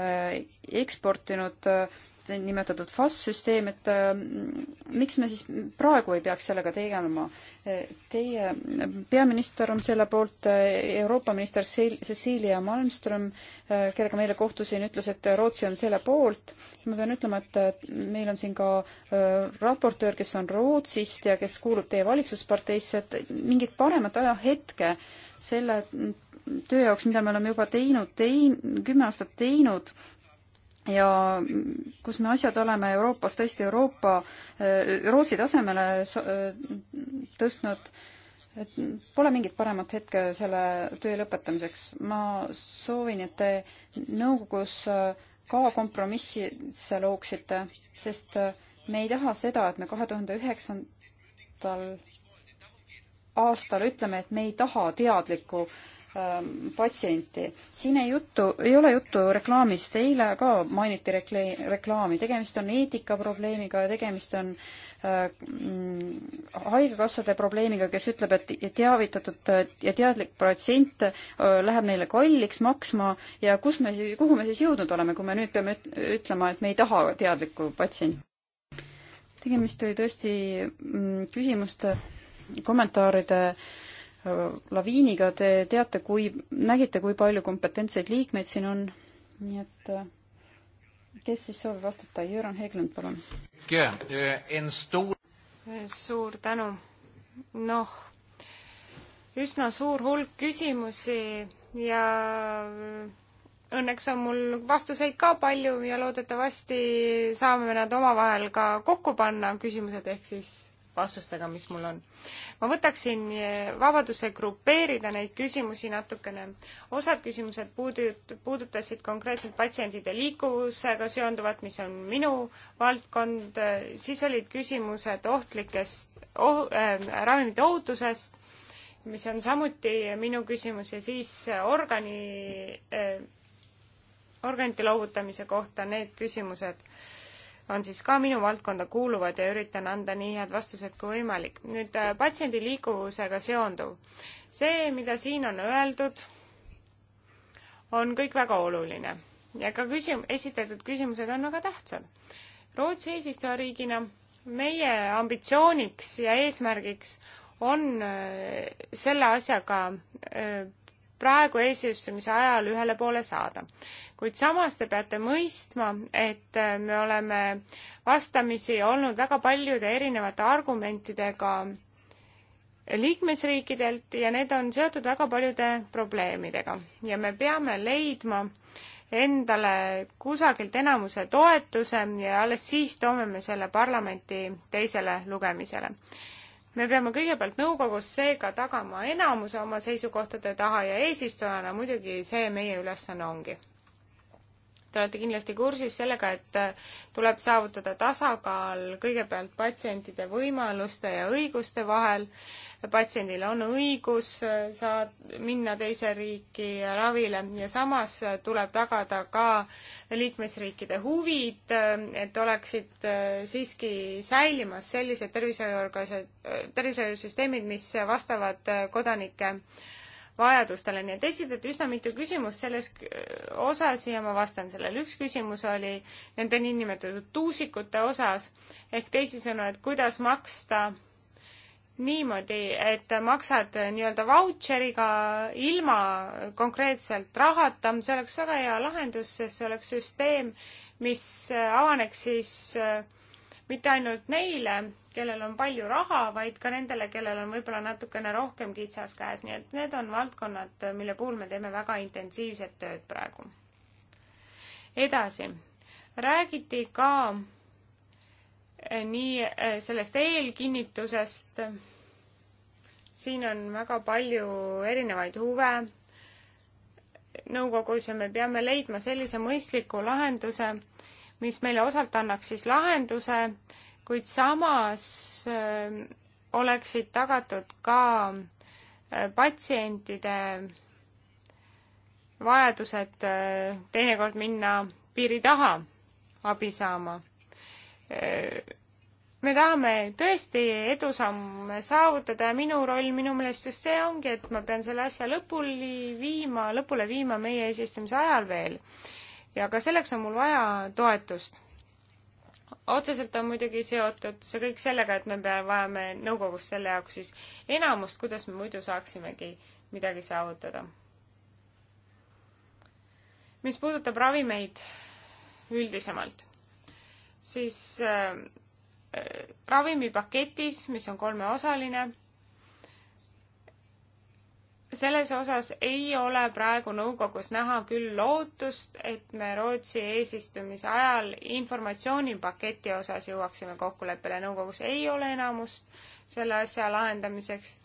äh, eksportinud niinimetatud FAS-süsteem, et äh, miks me siis praegu ei peaks sellega tegelema? Teie peaminister on selle poolt, äh, Euroopa minister Cecilia Malmström, äh, kellega meile kohtusin, ütles, et Rootsi on selle poolt. ma pean ütlema, et meil on siin ka raportöör, kes on Rootsist ja kes kuulub teie valitsusparteisse, et mingit paremat ajahetke selle töö jaoks, mida me oleme juba teinud, tein-, kümme aastat teinud, ja kus me asjad oleme Euroopas tõesti Euroopa, eh, Rootsi tasemele eh, tõstnud, et pole mingit paremat hetke selle töö lõpetamiseks. ma soovin, et te nõukogus eh, ka kompromississe looksite, sest me ei taha seda, et me kahe tuhande üheksandal aastal ütleme, et me ei taha teadlikku Ähm, patsienti. siin ei juttu, ei ole juttu reklaamist, eile ka mainiti rekla-, reklaami, tegemist on eetikaprobleemiga ja tegemist on äh, mm, haigekassade probleemiga, kes ütleb, et teavitatud äh, ja teadlik patsient äh, läheb neile kalliks maksma ja kus me siis, kuhu me siis jõudnud oleme, kui me nüüd peame üt-, ütlema, et me ei taha teadlikku patsienti? tegemist oli tõesti mm, küsimuste, kommentaaride äh, Äh, laviiniga, te teate, kui, nägite, kui palju kompetentseid liikmeid siin on, nii et äh, kes siis soovib vastata, Jüran Heglund, palun. Äh, suur tänu. noh, üsna suur hulk küsimusi ja õnneks on mul vastuseid ka palju ja loodetavasti saame nad omavahel ka kokku panna, küsimused ehk siis vastustega, mis mul on. ma võtaksin eh, vabaduse grupeerida neid küsimusi natukene. osad küsimused puudu-, puudutasid konkreetselt patsientide liikuvusega seonduvat, mis on minu valdkond, siis olid küsimused ohtlikest oh, äh, ravimite ohutusest, mis on samuti minu küsimus ja siis organi äh,, organite loovutamise kohta need küsimused äh, on siis ka minu valdkonda kuuluvad ja üritan anda nii head vastused kui võimalik. nüüd äh, patsiendi liikuvusega seonduv. see, mida siin on öeldud, on kõik väga oluline ja ka küsim-, esitatud küsimused on väga tähtsad. Rootsi eesistujariigina meie ambitsiooniks ja eesmärgiks on äh, selle asjaga äh, praegu eesistumise ajal ühele poole saada. kuid samas te peate mõistma, et äh, me oleme vastamisi olnud väga paljude erinevate argumentidega liikmesriikidelt ja need on seotud väga paljude probleemidega ja me peame leidma endale kusagilt enamuse toetuse ja alles siis toome me selle parlamenti teisele lugemisele me peame kõigepealt nõukogus seega tagama enamuse oma seisukohtade taha ja eesistujana muidugi see meie ülesanne ongi Te olete kindlasti kursis sellega, et äh, tuleb saavutada tasakaal kõigepealt patsientide võimaluste ja õiguste vahel. patsiendil on õigus äh, saad, minna teise riiki ravile ja samas äh, tuleb tagada ka liikmesriikide huvid, et oleksid siiski säilimas sellised tervishoiuorganisa-, tervishoiusüsteemid, mis vastavad kodanike vajadustele, nii et esitati üsna mitu küsimust selles osas ja ma vastan sellele. üks küsimus oli nende niinimetatud tuusikute osas ehk teisisõnu, et kuidas maksta niimoodi, et maksad nii-öelda vautšeriga ilma konkreetselt rahata, see oleks väga hea lahendus, sest see oleks süsteem, mis avaneks siis mitte ainult neile, kellel on palju raha, vaid ka nendele, kellel on võib-olla natukene rohkem kitsas käes, nii et need on valdkonnad, mille puhul me teeme väga intensiivset tööd praegu. edasi, räägiti ka eh, nii eh, sellest eelkinnitusest, siin on väga palju erinevaid huve nõukogus ja me peame leidma sellise mõistliku lahenduse, mis meile osalt annaks siis lahenduse, kuid samas ähm, oleksid tagatud ka äh, patsientide vajadused äh, teinekord minna piiri taha abi saama. Äh, me tahame tõesti edusamme saavutada ja minu roll minu meelest just see ongi, et ma pean selle asja lõpuni viima, lõpule viima meie eesistumise ajal veel. ja ka selleks on mul vaja toetust otseselt on muidugi seotud see kõik sellega, et me peame, vajame nõukogus selle jaoks siis enamust, kuidas me muidu saaksimegi midagi saavutada. mis puudutab ravimeid üldisemalt, siis äh, äh ravimipaketis, mis on kolmeosaline selles osas ei ole praegu nõukogus näha küll lootust, et me Rootsi eesistumise ajal informatsioonipaketi osas jõuaksime kokkuleppele. nõukogus ei ole enamust selle asja lahendamiseks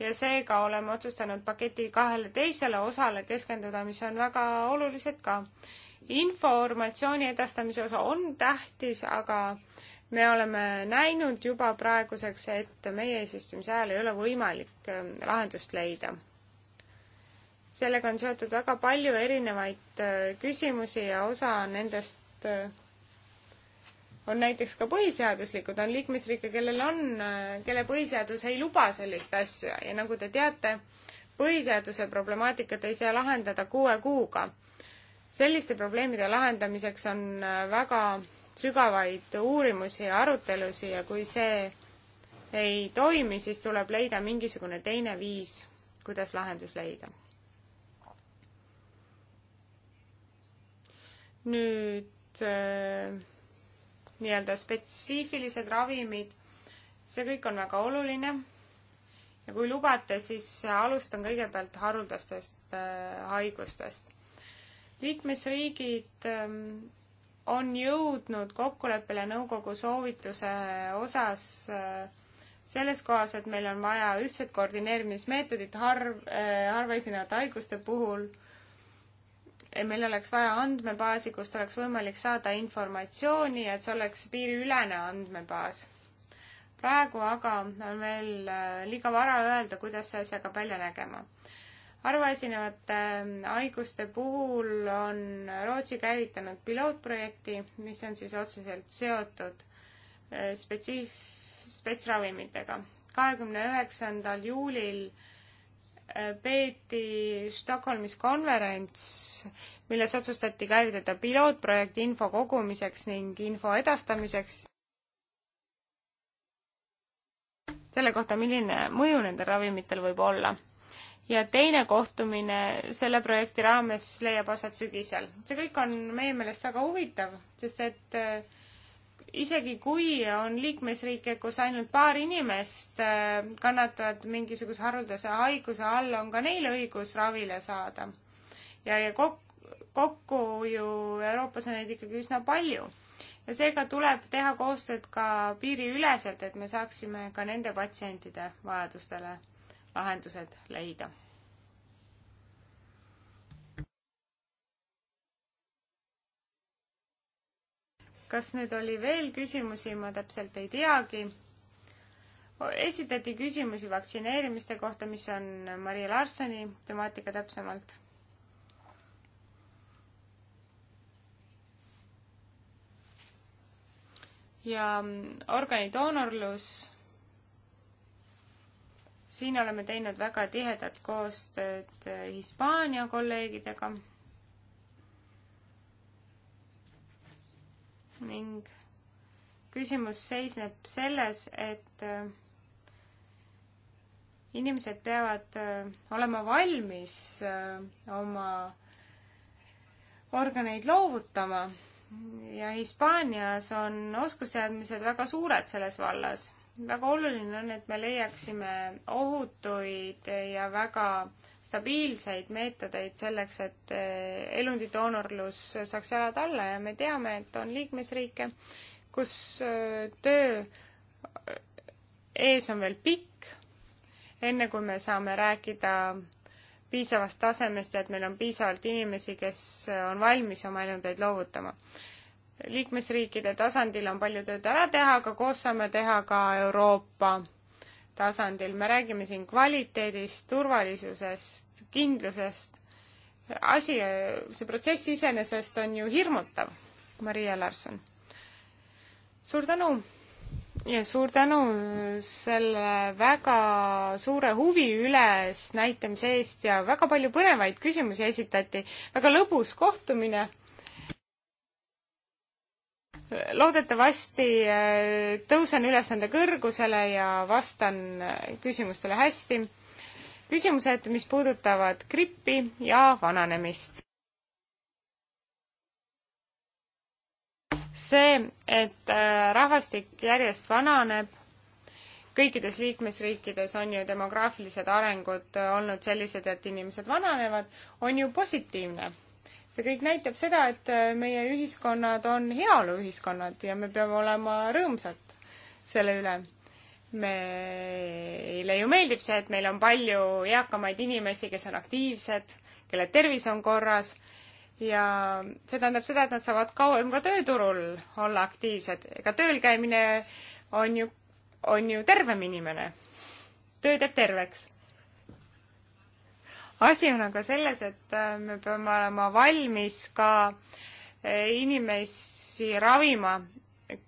ja seega oleme otsustanud paketi kahele teisele osale keskenduda, mis on väga olulised ka. informatsiooni edastamise osa on tähtis, aga me oleme näinud juba praeguseks, et meie eesistumise ajal ei ole võimalik äh, lahendust leida sellega on seotud väga palju erinevaid äh, küsimusi ja osa nendest äh, on näiteks ka põhiseaduslikud, on liikmesriike, kellel on, äh, kelle põhiseadus ei luba sellist asja ja nagu te teate, põhiseaduse problemaatikat ei saa lahendada kuue kuuga. selliste probleemide lahendamiseks on väga sügavaid uurimusi ja arutelusi ja kui see ei toimi, siis tuleb leida mingisugune teine viis, kuidas lahendus leida nüüd äh, nii-öelda spetsiifilised ravimid, see kõik on väga oluline. ja kui lubate, siis alustan kõigepealt haruldastest äh, haigustest. liikmesriigid ähm, on jõudnud kokkuleppele nõukogu soovituse osas äh, selles kohas, et meil on vaja ühtset koordineerimismeetodit harv, harva esinevate haiguste puhul meil oleks vaja andmebaasi, kust oleks võimalik saada informatsiooni ja et see oleks piiriülene andmebaas. praegu aga on veel äh, liiga vara öelda, kuidas see asi hakkab välja nägema. harvaesinevate äh, haiguste puhul on Rootsi käivitanud pilootprojekti, mis on siis otseselt seotud äh, spetsiif-, spetsravimitega. kahekümne üheksandal juulil peeti Stockholmis konverents, milles otsustati käivitada pilootprojekt info kogumiseks ning info edastamiseks. selle kohta, milline mõju nendel ravimitel võib olla. ja teine kohtumine selle projekti raames leiab aset sügisel. see kõik on meie meelest väga huvitav, sest et äh, isegi kui on liikmesriike, kus ainult paar inimest äh, kannatavad mingisuguse haruldase haiguse all, on ka neil õigus ravile saada. ja, ja kokku, kokku ju Euroopas on neid ikkagi üsna palju. ja seega tuleb teha koostööd ka piiriüleselt, et me saaksime ka nende patsientide vajadustele lahendused leida kas nüüd oli veel küsimusi, ma täpselt ei teagi. esitati küsimusi vaktsineerimiste kohta, mis on Maria Larsoni temaatika täpsemalt. ja organidoonorlus. siin oleme teinud väga tihedat koostööd Hispaania kolleegidega ning küsimus seisneb selles, et äh, inimesed peavad äh, olema valmis äh, oma organeid loovutama ja Hispaanias on oskusteadmised väga suured selles vallas. väga oluline on, et me leiaksime ohutuid ja väga äh, stabiilseid meetodeid selleks, et eh, elundidoonorlus saaks jalad alla ja me teame, et on liikmesriike, kus eh, töö eh, ees on veel pikk, enne kui me saame rääkida piisavast tasemest ja et meil on piisavalt inimesi, kes on valmis oma elundeid loovutama. liikmesriikide tasandil on palju tööd ära teha, aga koos saame teha ka Euroopa tasandil, me räägime siin kvaliteedist, turvalisusest, kindlusest, asi, see protsess iseenesest on ju hirmutav, Maria Larson. suur tänu ja suur tänu selle väga suure huvi ülesnäitamise eest ja väga palju põnevaid küsimusi esitati, väga lõbus kohtumine loodetavasti äh, tõusen ülesande kõrgusele ja vastan äh, küsimustele hästi. küsimused, mis puudutavad grippi ja vananemist. see, et äh, rahvastik järjest vananeb, kõikides liikmesriikides on ju demograafilised arengud olnud sellised, et inimesed vananevad, on ju positiivne see kõik näitab seda, et äh, meie ühiskonnad on heaoluühiskonnad ja me peame olema rõõmsad selle üle. meile ju meeldib see, et meil on palju eakamaid inimesi, kes on aktiivsed, kelle tervis on korras ja see tähendab seda, et nad saavad kauem ka tööturul olla aktiivsed. ega tööl käimine on ju, on ju tervem inimene. töö teeb terveks asi on aga selles, et äh, me peame olema valmis ka äh, inimesi ravima,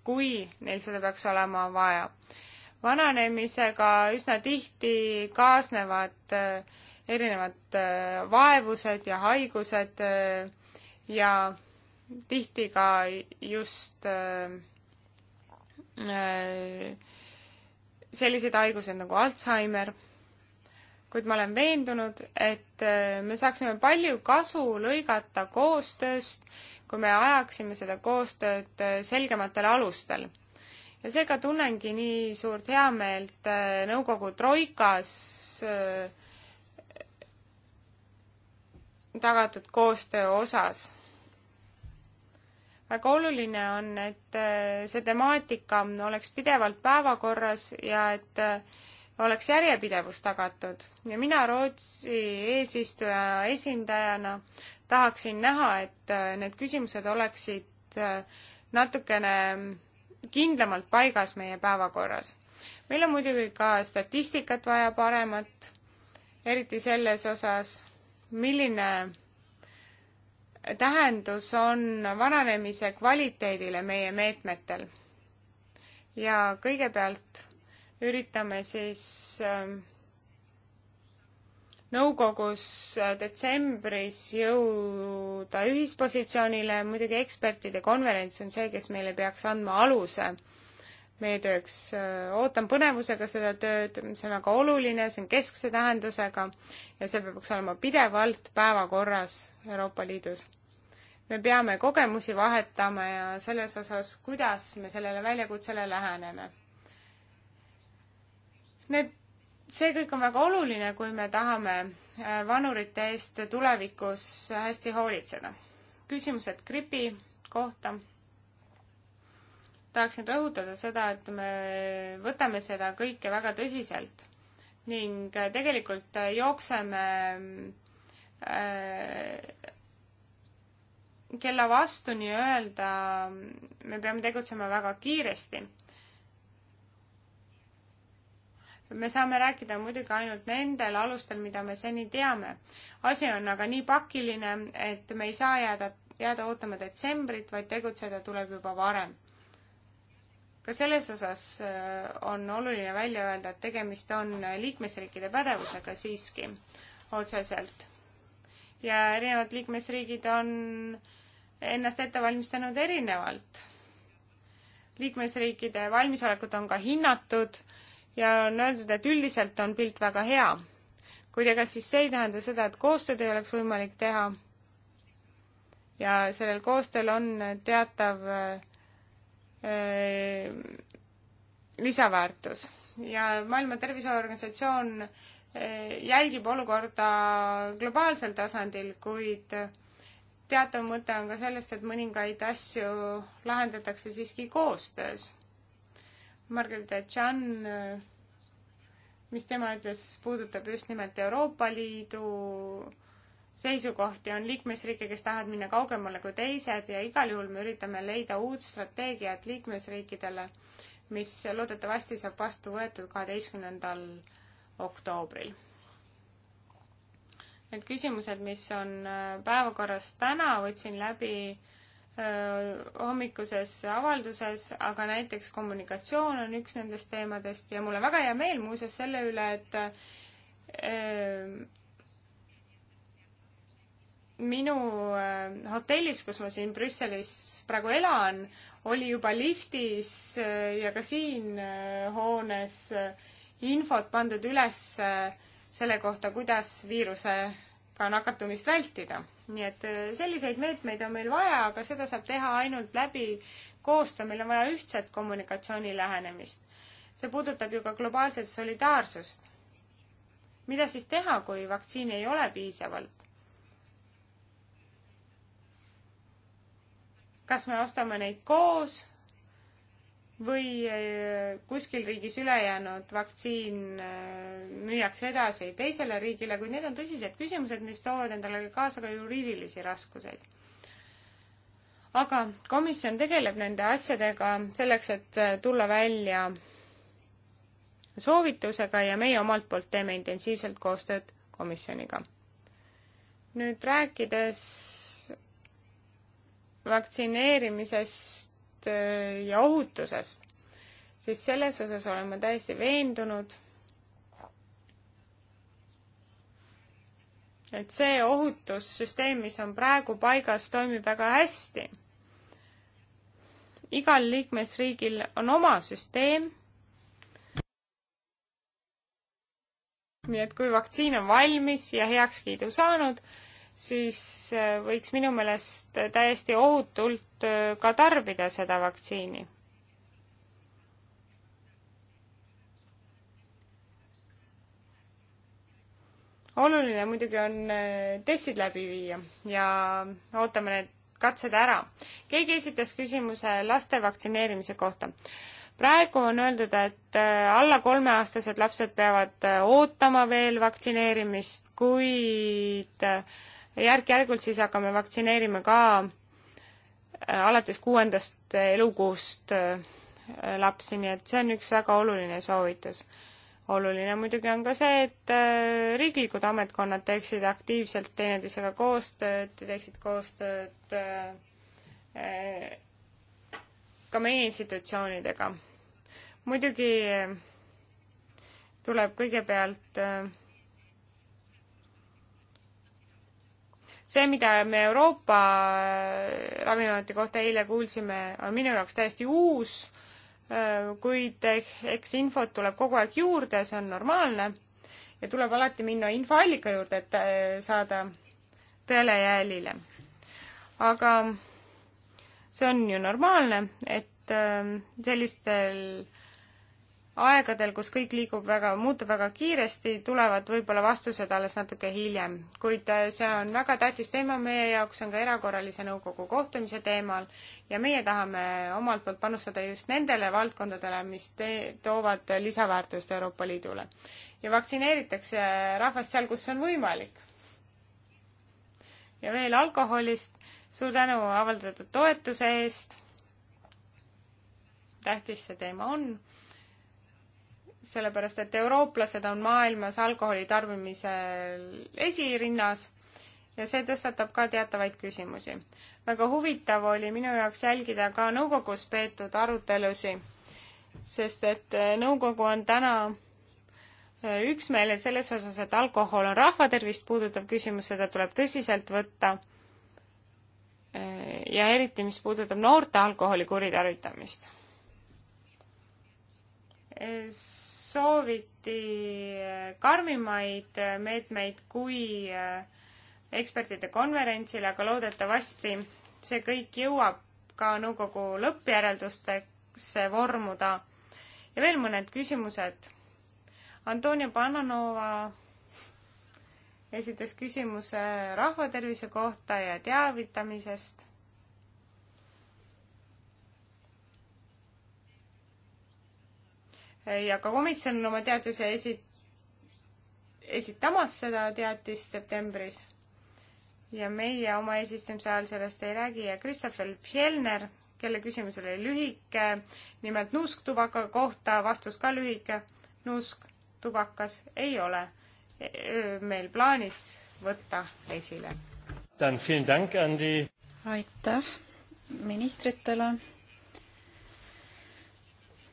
kui neil seda peaks olema vaja. vananemisega üsna tihti kaasnevad äh, erinevad vaevused ja haigused ja tihti ka just sellised haigused nagu Alzheimer kuid ma olen veendunud, et äh, me saaksime palju kasu lõigata koostööst, kui me ajaksime seda koostööd äh, selgematel alustel. ja seega tunnengi nii suurt heameelt äh, nõukogu troikas tagatud koostöö osas. väga oluline on, et see temaatika oleks pidevalt päevakorras ja et äh, oleks järjepidevus tagatud ja mina Rootsi eesistuja esindajana tahaksin näha, et äh, need küsimused oleksid äh, natukene kindlamalt paigas meie päevakorras. meil on muidugi ka statistikat vaja paremat, eriti selles osas, milline tähendus on vananemise kvaliteedile meie meetmetel. ja kõigepealt üritame siis ähm, nõukogus äh, detsembris jõuda ühispositsioonile, muidugi ekspertide konverents on see, kes meile peaks andma aluse meie tööks. Äh, ootan põnevusega seda tööd, see on väga oluline, see on keskse tähendusega ja see peaks olema pidevalt päevakorras Euroopa Liidus. me peame kogemusi vahetama ja selles osas, kuidas me sellele väljakutsele läheneme Need, see kõik on väga oluline, kui me tahame äh, vanurite eest tulevikus hästi hoolitseda. küsimused gripi kohta tahaksin rõhutada seda, et me võtame seda kõike väga tõsiselt ning äh, tegelikult äh, jookseme kella vastu nii-öelda, me peame tegutsema väga kiiresti. me saame rääkida muidugi ainult nendel alustel, mida me seni teame. asi on aga nii pakiline, et me ei saa jääda, jääda ootama detsembrit, vaid tegutseda tuleb juba varem. ka selles osas äh, on oluline välja öelda, et tegemist on liikmesriikide pädevusega siiski otseselt. ja erinevad liikmesriigid on ennast ette valmistanud erinevalt. liikmesriikide valmisolekut on ka hinnatud ja on öeldud, et üldiselt on pilt väga hea. kuid ega siis see ei tähenda seda, et koostööd ei oleks võimalik teha. ja sellel koostööl on teatav öö, äh, lisaväärtus ja Maailma Terviseorganisatsioon äh, jälgib olukorda globaalsel tasandil, kuid teatav mõte on ka sellest, et mõningaid asju lahendatakse siiski koostöös Margarita Chan, mis tema ütles, puudutab just nimelt Euroopa Liidu seisukohti, on liikmesriike, kes tahavad minna kaugemale kui teised ja igal juhul me üritame leida uut strateegiat liikmesriikidele, mis loodetavasti saab vastu võetud kaheteistkümnendal oktoobril. Need küsimused, mis on päevakorras täna, võtsin läbi äh, Äh, hommikuses avalduses, aga näiteks kommunikatsioon on üks nendest teemadest ja mul on väga hea meel muuseas selle üle, et äh, minu äh, hotellis, kus ma siin Brüsselis praegu elan, oli juba liftis ja ka siin hoones infot pandud üles selle kohta, kuidas viirusega nakatumist vältida nii et äh, selliseid meetmeid on meil vaja, aga seda saab teha ainult läbi koostöö, meil on vaja ühtset kommunikatsiooni lähenemist. see puudutab ju ka globaalset solidaarsust. mida siis teha, kui vaktsiini ei ole piisavalt? kas me ostame neid koos või eh, kuskil riigis ülejäänud vaktsiin eh, müüakse edasi teisele riigile, kuid need on tõsised küsimused, mis toovad endale kaasa ka juriidilisi raskuseid. aga komisjon tegeleb nende asjadega selleks, et eh, tulla välja soovitusega ja meie omalt poolt teeme intensiivselt koostööd komisjoniga. nüüd rääkides vaktsineerimisest Äh, ja ohutusest, siis selles osas olen ma täiesti veendunud, et see ohutussüsteem, mis on praegu paigas, toimib väga hästi. igal liikmesriigil on oma süsteem. nii et kui vaktsiin on valmis ja heakskiidu saanud, siis äh, võiks minu meelest täiesti ohutult äh, ka tarbida seda vaktsiini. oluline muidugi on äh, testid läbi viia ja ootame need katsed ära. keegi esitas küsimuse laste vaktsineerimise kohta. praegu on öeldud, et alla kolmeaastased lapsed peavad ootama veel vaktsineerimist, kuid järk-järgult siis hakkame vaktsineerima ka äh, alates kuuendast elukuust äh, lapsi, nii et see on üks väga oluline soovitus. oluline muidugi on ka see, et äh, riiklikud ametkonnad teeksid aktiivselt teineteisega koostööd, teeksid koostööd ka meie institutsioonidega. muidugi tuleb kõigepealt äh, see, mida me Euroopa Ravimiameti kohta eile kuulsime, on minu jaoks täiesti uus, kuid eks infot tuleb kogu aeg juurde, see on normaalne ja tuleb alati minna infoallika juurde, et äh, saada tõele jälile. aga see on ju normaalne, et äh, sellistel aegadel, kus kõik liigub väga, muutub väga kiiresti, tulevad võib-olla vastused alles natuke hiljem. kuid äh, see on väga tähtis teema meie jaoks, on ka erakorralise nõukogu kohtumise teemal ja meie tahame omalt poolt panustada just nendele valdkondadele, mis te-, toovad lisaväärtust Euroopa Liidule. ja vaktsineeritakse rahvast seal, kus see on võimalik. ja veel alkoholist, suur tänu avaldatud toetuse eest, tähtis see teema on sellepärast et eurooplased on maailmas alkoholi tarbimisel esirinnas ja see tõstatab ka teatavaid küsimusi. väga huvitav oli minu jaoks jälgida ka nõukogus peetud arutelusi, sest et eh, nõukogu on täna eh, üksmeelel selles osas, et alkohol on rahvatervist puudutav küsimus, seda tuleb tõsiselt võtta. Eh, ja eriti, mis puudutab noorte alkoholi kuritarvitamist sooviti karmimaid meetmeid kui äh, ekspertide konverentsil, aga loodetavasti see kõik jõuab ka nõukogu lõppjäreldustesse vormuda. ja veel mõned küsimused. Antonia Pananova esitas küsimuse rahvatervise kohta ja teavitamisest ja ka komisjon on oma teaduse esi-, esitamas seda teatist septembris. ja meie oma eesistumise ajal sellest ei räägi ja Christopher Fjellner, kelle küsimus oli lühike, nimelt nuusktubaka kohta, vastus ka lühike, nuusktubakas ei ole e, e, meil plaanis võtta esile. aitäh ministritele.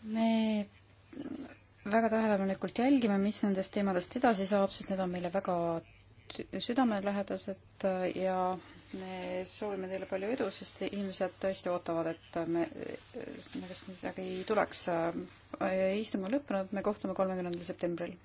me väga tähelepanelikult jälgime, mis nendest teemadest edasi saab, sest need on meile väga südamelähedased äh, ja me soovime teile palju edu, sest inimesed tõesti ootavad, et me, nendest äh, midagi ei tuleks. Äh, istung on lõppenud, me kohtume kolmekümnendal septembril